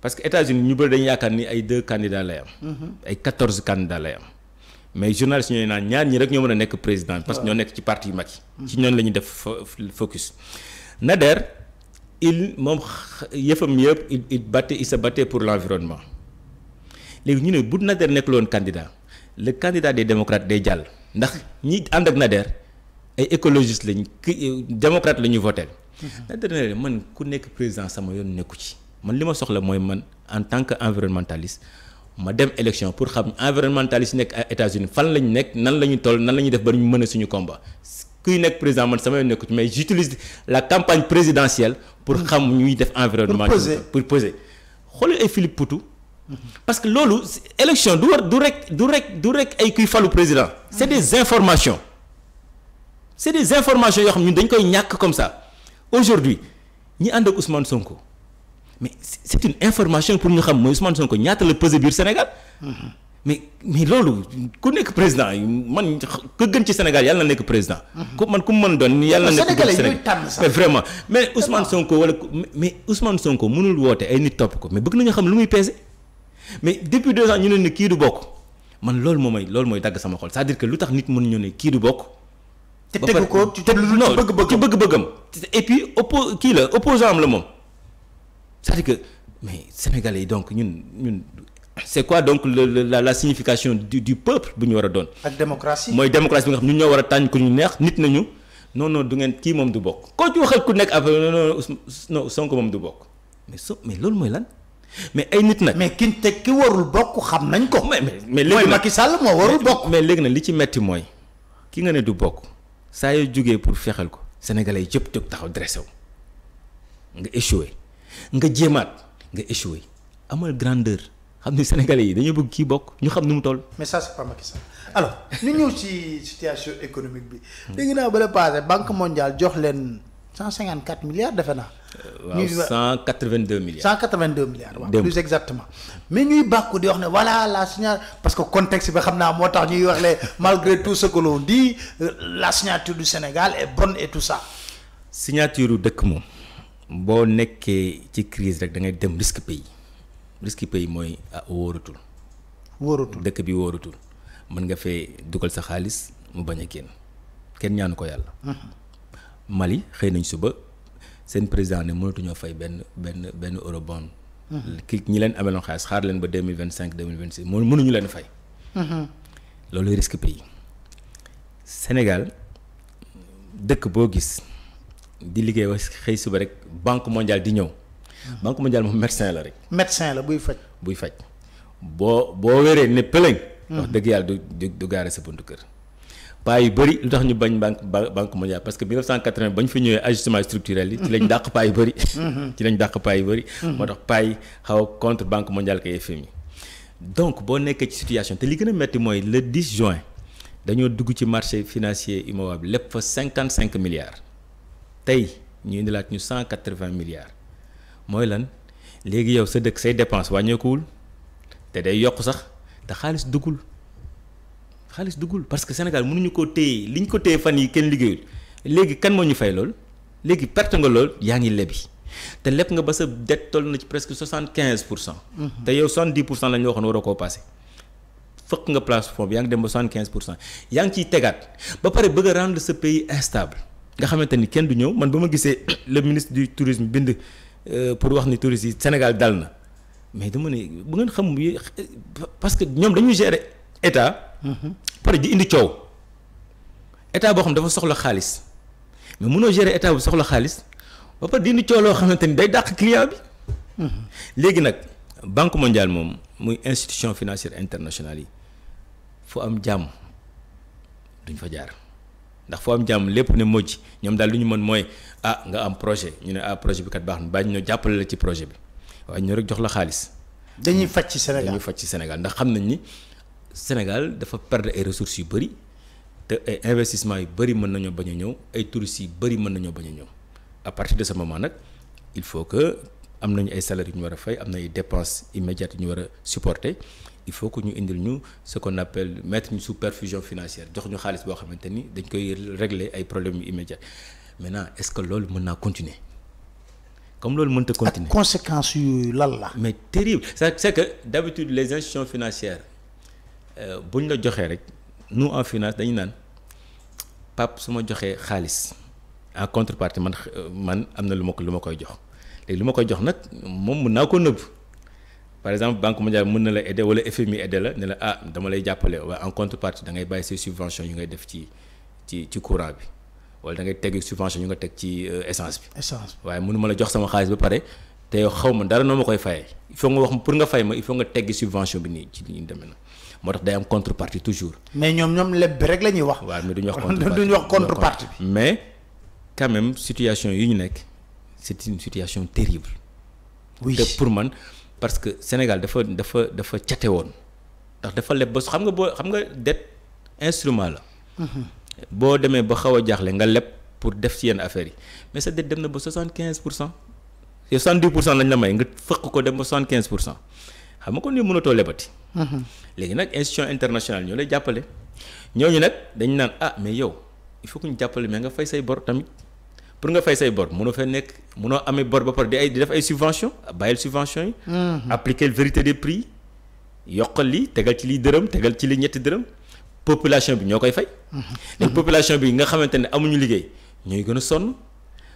parce que États-Unis ñu bëri dañu yaakaar ni ay deux candidats lay am. Mm-hmm. ay quatorze candidats lay am. mais journaliste ñooy naan ñaar ñi rek ñoo mën a nekk président parce que ñoo nekk ci parti yu mag yi. Mm-hmm. ci ñoon la ñuy def focus. Nader. il mom yefam yëpp il il battait il se battait pour l'environnement léegi ñu ne bu Nader nek loon candidat le candidat des démocrates des dial ndax ñi and ak Nader ay écologistes lañ ki euh, démocrate la ñu voté. Mhm. Nader ne man ku nek président sama yoon nekku ci man lima soxla moy man en tant que environnementaliste ma dem élection pour xam environnementaliste nek ay États-Unis fan lañ nek nan la toll nan la def ba ñu mëna suñu combat kuy nekk président man sama ci mais j'utilise la campagne présidentielle pour xam ñuy def pour poser. Philippe Poutou. parce que l'élection, élection du rek du président. C'est des informations. C'est des informations comme ça aujourd'hui ñi ànd ak Ousmane Sonko mais c'est une information pour ñu xam mooy Ousmane Sonko Sénégal mais mais lolu ku nekk président man ko gën ci Sénégal yalla nek président. ko man ku man don yalla nek na Sénégal mais vraiment mais Ousmane Sonko wala mais Ousmane Sonko mënul woté ay nit top ko mais bëgg nga xam lu muy pesé mais depuis deux ans ñu né ki du bokk man lolu moom lolu moy dag sama xol c'est-à-dire que lutax nit mënu ñu né ki du bokk. te tegu ko ci bëgg-bëggam ci bëgg-bëggam et puis oppo ki la opposant am la moom c'est-à-dire que mais Sénégalais donc ñun ñun c'est quoi donc le, le, la, la signification du, du peuple bu ñu war doon. ak démocratie moy démocratie bi nga xam ñun ñoo wara tañ tànn ku ñu neex nit nañu non non du ngeen ki mom du bok ko ci waxal ku nekk après non non non Sonko mom du bok mais so mais lool moy lan. mais ay nit nag. mais kin te ki warul bok xam nañ ko. mais mais léegi mooy Macky Sall mo warul bok mais légui nag li ci metti moy ki nga ne du bok sa yo jógee pour fexal ko sénégalais yëpp jóg taxaw dressé nga échoué nga jéemaat nga échoué amal grandeur. Les sénégalais yi bëgg ñu mais ça c'est pas ma question. alors nous ñu ñëw ci situation économique bi. avons naa la banque mondiale a donné 154 milliards de naa. 182 euh, milliards. 182 milliards plus exactement. mais nous, avons di que voilà la signature parce que contexte bi xam naa malgré tout ce que l'on dit euh, la signature du Sénégal est bonne et tout ça. signature dëkk moom boo nekkee ci crise rek da ngay dem risque pays. risque pay mooy ah, wóoratul. wóoratul dëkk bi wóoratul mën nga fee dugal sa xaalis mu bañ a kenn kenn ñaanu ko yàlla. Mm-hmm. Mali xëy nañ suba seen président ne mënatuñoo fay benn benn benn eurobond. Mm-hmm. ki ñi leen ameloon xaalis xaar leen ba deux mille vingt cinq deux mille vingt six mënuñu leen fay. Mm-hmm. loolu risque pays Sénégal dëkk boo gis di liggéey wax xëy suba rek banque mondiale di ñëw. banque mondiale moom médecin la rek. médecin la buy faj. buy faj ne vous hmm. wax dëgg du du sa buntu kër. paa yu bëri lu ñu banque banque mondiale parce que 1980 ba fi ajustement structurel yi. ci lañ dàq paa yu bëri. Hmm. ci lañ dàq paa yu bëri. Hmm. moo tax yi xaw contre banque mondiale kay FMI. donc boo nekkee ci situation te li le 10 juin dañoo dugg ci marché financier immobile lépp fa 55 milliards tey ñu indilaat ñu 180 milliards mooy lan léegi yow sa dëkk say dépense wàññeekuwul te day yokk sax te xaalis dugul xaalis dugul parce que Sénégal mënuñu ko téye liñ ko téye fan yi kenn liggéeyul léegi kan moo ñu fay lool léegi perte nga lool yaa ngi lebi te lepp nga ba sa dette toll na ci presque 75 quinze pour cent. Mhm. te yow 70 dix pour cent la ñu waxoon waroo koo passé. fëkk nga place foofu yaa ngi dem ba soixante quinze pour cent yaa ngi ciy tegaat ba pare bëgg a rendre ce pays instable nga xamante ni kenn du ñëw man ba ma gisee [COUGHS] le ministre du tourisme bind Euh, pour wax ni touristes yi Sénégal dal na mais dama ne bu ngeen xam parce que ñoom dañuy gérer état. Mhm. pare di indi coow état boo xam dafa soxla xaalis mais mënoo gérer état bu soxla xaalis ba pare di indi coow loo xamante ni day dàq client bi. Mhm. léegi nag banque mondiale moom muy institution financière internationale yi fu am jàmm duñ fa jaar. ndax fo am jàmm lepp ne mujj ñoom daal lu ñu mën moy ah nga am projet ñu ne ah projet bi kat baax na bàyyi ñu jàppale la ci projet bi waaye ñu rek jox la xaliss dañuy faj ci Sénégal dañuy faj ci Sénégal ndax xam nañ ni Sénégal dafa perdre ay ressources yu bari te ay investissement yu bari mën nañoo baña ñew ay touristes yu bari mën nañoo baña ñew à partir de ce moment nak il faut que am nañ ay salaires yu ñu wara fay am na ay dépenses immédiates yu ñu wara supporter il faut que nous indiquions ce qu'on appelle mettre une sous financière jox ñu xaalis boo régler les problèmes immédiats maintenant est-ce que loolu mën continuer comme loolu mënta continuer conséquences sur mais terrible c'est que d'habitude les institutions financières si euh, ñu la nous en finance d'ailleurs, naan Pape su ma joxee en contrepartie man euh, man am na que nous ko lu ma koy jox léegi lu koy jox par exemple banque mondiale mën FMI aider ah dama en contrepartie da ngay subventions yu ngay def ci ci ci courant bi wala da ngay subvention yu nga ci euh, essence bi. essence waaye mënuma la jox sama xaalis ba pare te yow il faut il faut subvention bi ci day contrepartie toujours. mais ñoom contrepartie mais quand même situation yi ñu c'est une situation terrible. oui pour man parce que Sénégal dafa dafa dafa tiaté won ndax dafa lepp ba xam nga xam nga dette instrument la. Mhm. Bo démé ba xawa jaxlé nga lepp pour def ci yenn affaire yi mais sa dette dem na ba 75% 70% lañ la may nga fekk ko dem ba 75% quinze pour cent xam nga kon ni mënatoo lebati. Mhm. léegi nag institution internationale ñu lay ñoo ñu nak dañ naan ah mais yow il faut que ñu jàppale mais nga fay say bor tamit pour nga fay say bor mënoo fay nek mënoo amé bor ba par di ay di def ay subvention bàyyil subvention yi. Mhm. appliquer vérité des prix yokkal lii tegal ci li deureum tégal ci li ñetti deureum population bi ñokay fay. nek mhm. population bi nga xamantene amuñu liggéey ñoy gëna son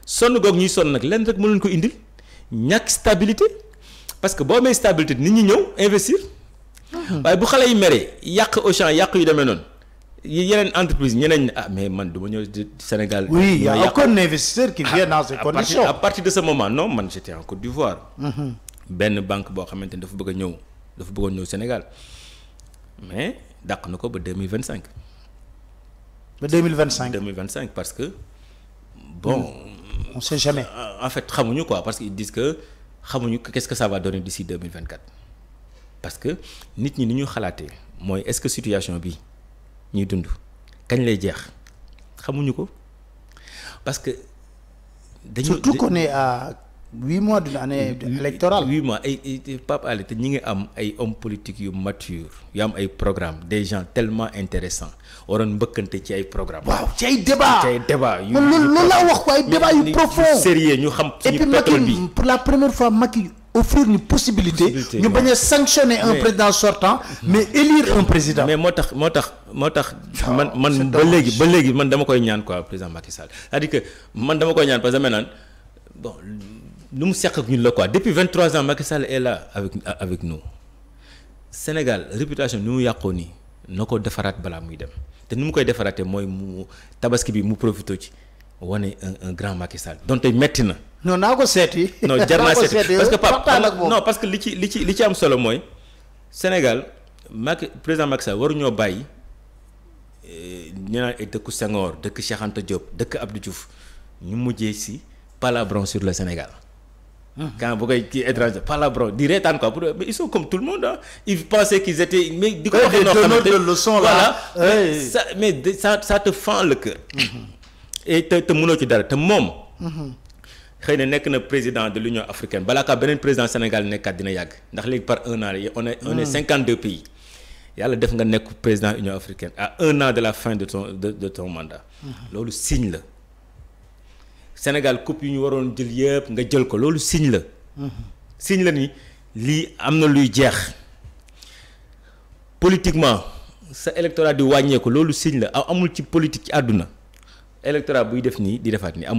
son gog ñuy son nak lén rek mënuñ ko indil ñak stabilité parce que bo amee stabilité nit ñi ñëw investir. Mhm. waye bu xale yi yak au champ yak yu démé non il y entreprise une ah mais man du ma ñëw Sénégal. oui il ah, y' a aucun investisseur qui vient dans ces ah, conditions. à partir de ce moment non man j'étais en Côte d'Ivoire. Une mm-hmm. banque boo xamante ni dafa bëgg a dafa Sénégal mais d'accord na ba 2025. mille 2025 cinq. parce que bon. on sait jamais. en fait xamuñu quoi parce qu'ils disent que xamuñu qu'est-ce que ça va donner d'ici 2024. parce que nit ñi ni ñu est-ce que situation bi ñuy dund kañ lay jeex xamuñu ko parce que. dañu surtout qu'on est à 8 mois d'une année électorale. 8 mois ay Pape Alé te ñi ngi am ay hommes politiques yu mature yu am ay programme des gens tellement intéressants waroon mbëkkante ci ay programme waaw ci ay débat ci ay débat yu loolu la wax quoi ay débat yu profond sérieux ñu xam. ñu pétrole bi et puis pour la première fois Macky offrir une possibilité ñu sanctionner un président sortant mais élire un président. mais moi tax moo tax moo ah, man man ba léegi ba un man quoi président Macky Sall c'est-à-dire que man dama koy ñaan parce que dama bon lu quoi depuis 23 ans Macky Sall est là avec avec nous Sénégal réputation nous y a connu bala muy dem té ni koy defaraatee moy mu tabaski bi mu profito ci woné un grand Macky Sall donte metti na non n'ago ko non jarna naa parce que papa, non parce que li ci li ci li am solo moy Sénégal mak président eh, Cheikh Diop Abdou Diouf ñu palabron sur le Sénégal. Hum. quand bu koy kii étranger palabron direct reetaan quoi mais ils sont comme tout le monde hein. ils pensaient qu'ils étaient mais. di leçon là mais ça te fend le cœur. Hum, hum. et te te xeyna nek président de l'Union africaine Balaka, président Sénégal ndax par un an on est hmm. pays président africaine à un an de la fin de ton de, mandat. Hmm. signe la Sénégal coupe ñu waron jël yépp nga jël signe hmm. signe ni li luy politiquement sa électorat di signe politique ci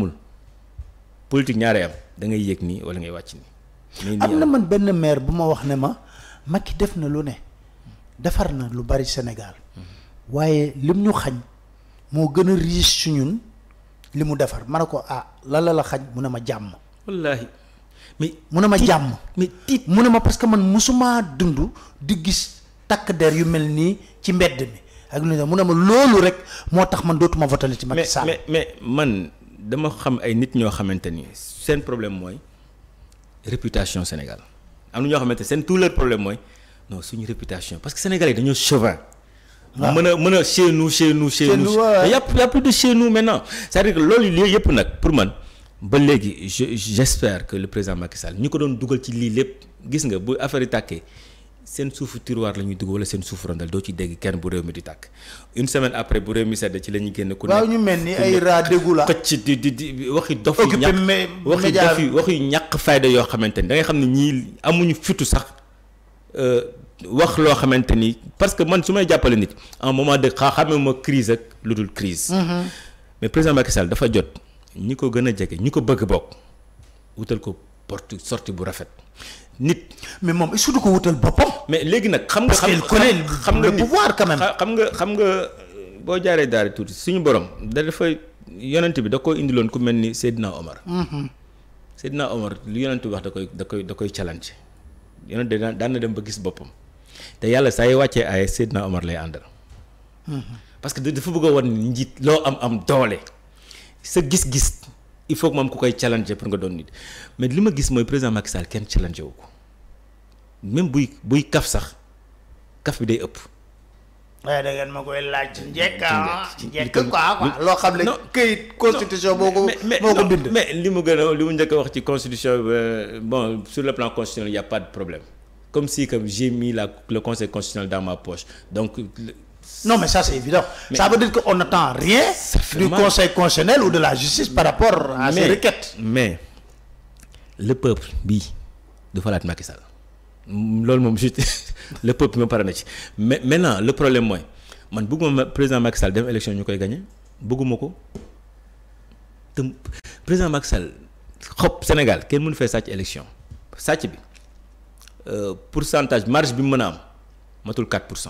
politique ñaare am da ngay yek ni wala ngay wacc ni am na man benn maire bu ma wax ne ma Macky def na lu ne defar na lu bari Sénégal waaye lim ñu xañ moo gën a riche ci ñun li mu defar ma ne ko ah la la la xañ mu ne ma jàmm. wallahi mais mu ne ma jàmm. mais mu ne ma parce que man musuma dund di gis takk der yu mel nii ci mbedd mi ak ne mu ne ma loolu rek moo tax man dootuma voté ci Macky Sall mais mais man. dama xam ay nit ñoo xamante ni seen problème mooy réputation Sénégal am na ñoo xamante seen tout leur problème mooy non suñu réputation parce que Sénégalais dañoo chauvin. waaw ah. mën chez nous chez nous. chez nous Il y' a plus de chez nous maintenant c'est-à-dire que loolu yooyu yëpp nag pour man ba léegi j'espère que le président Macky Sall ñu ko doon dugal ci lii lépp gis nga bu affaire yi sen suufu tiroir la ñuy dugg wala seen suufu randal do ci dégg kenn bu réew mi di tak une semaine après bu réew mi sedd ci la ñuy génn. ku waaw ñu melni ay raa déggu la xëcc di di waxi dof yu ñàkk waxi dof yu waxi ñàkk fayda yo xamanteni da ngay xamni ñi amuñu fitu sax euh wax lo xamanteni parce que man su jappalé nit en moment de xamé ma crise ak lu dul crise mm-hmm. mais président Macky Sall dafa jot ñi ko gëna a ñi ko bëgg bok wutal ko porte sortie bu rafet nit. mais mom est du ko wutal bopam mais léegi nak xam nga. xam xam nga pouvoir quand même. xam nga xam nga euh, bo jaaree daré tout suñu borom da dafa yonent bi da koo indiloon ku melni ni Seydina Omar. Mhm. Seydina Omar lu yonent bi wax da koy da koy da koy challenge yonent da na dem ba gis bopam te yalla say yi ay Seydina Omar lay andal hmm parce que dafa bëgg won wan lo am am doole sa gis-gis il faut que je pour que je mais c'est que président Macky Sall challenger même buy buy kaf sax kaf mais constitution euh, bon sur le plan constitutionnel y' a pas de problème comme si que j'ai mis le conseil constitutionnel dans ma poche donc. Non, mais ça, c'est évident. ça veut dire qu'on n'attend rien du Conseil constitutionnel ou de la justice par rapport à ces requêtes. Mais le peuple, bi, de Falat Macky Sall. [LAUGHS] Le peuple me parle. Mais maintenant, le problème, moi, man, le président Macky Sall, dans l'élection, nous avons gagné. Le président Macky Sall, hop, Sénégal, quel monde fait cette élection Cette euh, pourcentage, marge, je suis 4%.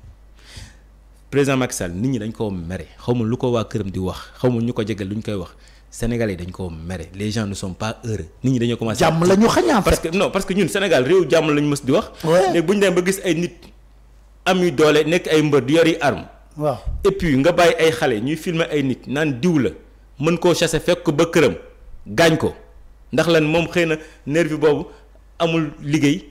président Maxal nit ñi dañ ko méré xawma lu ko wa kërëm di wax xawma ñu ko jéggal luñ koy wax sénégalais dañ ko méré les gens ne sont pas heureux nit ñi dañoo commencé. jàmm lañu ñu parce que non parce que ñun Sénégal réew jàmm lañu mëss di wax. mais buñ dem ba gis ay nit am doolé nek ay mbër di yori arme. waaw et puis nga bàyyi ay xalé ñuy filmer ay nit nan diw la mën ko chasser fekk ko ba kërëm gañ ko ndax lan moom xëy na nervi bobu amul liggéey.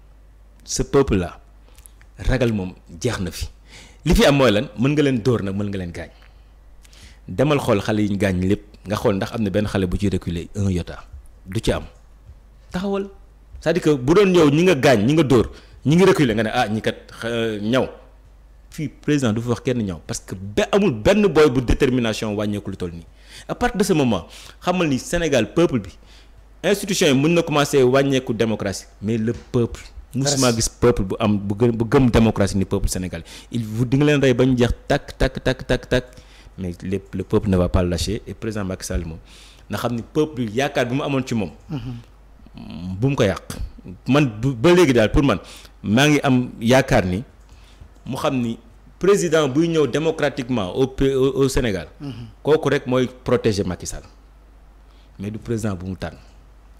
ce peuple là ragal mom jeex na fi li fi am mooy lan mën nga leen dóor nag mën nga leen gaañ demal xool xale yi ñu gaañ lépp nga xool ndax am na benn xale bu ci reculer un yota du ci am taxawal c'est-à-dire que bu doon yow ñi nga gaañ ñi nga dóor ñi ngi reculer nga ne ah ñi kat ñaw fii président du fa wax kenn ñaw parce que be amul benn booy bu détermination wàññeeku lu nii à partir de ce moment xamal ni Sénégal peuple bi institution yi mën na commencé wàññeeku démocratie mais le peuple musuma sommes peuple bu am bu bu démocratie ni peuple sénégalais il vous di nga tac, tac, tac, tac, tac. tac tac mais le peuple ne va pas lâcher et président Macky Sall moom na que le peuple yaakaar bi mu amoon ci moom. Mhm. bu mu ko yàq. man ba léegi daal pour man maa ngi am yaakaar ni mu xam président buy ñëw démocratiquement au au Sénégal. Mhm. kooku rek mooy protéger Macky Sall mais le président bu mu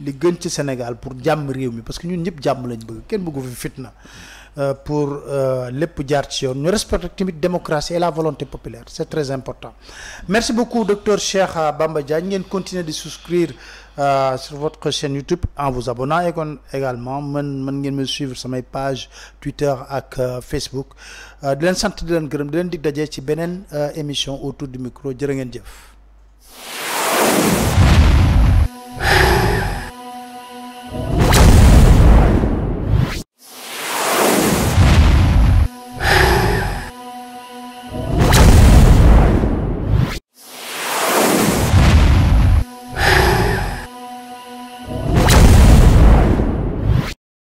li gën ci Sénégal pour parce que ñun ñëpp jàmm lañ bëgg bëggu fitna euh, pour euh, les jaar ci ñu démocratie et la volonté populaire c'est très important merci beaucoup docteur Cheikh euh, Bamba dia ngeen de souscrire sur votre chaîne YouTube en vous abonnant et également me suivre mes page Twitter ak Facebook de len émission autour du micro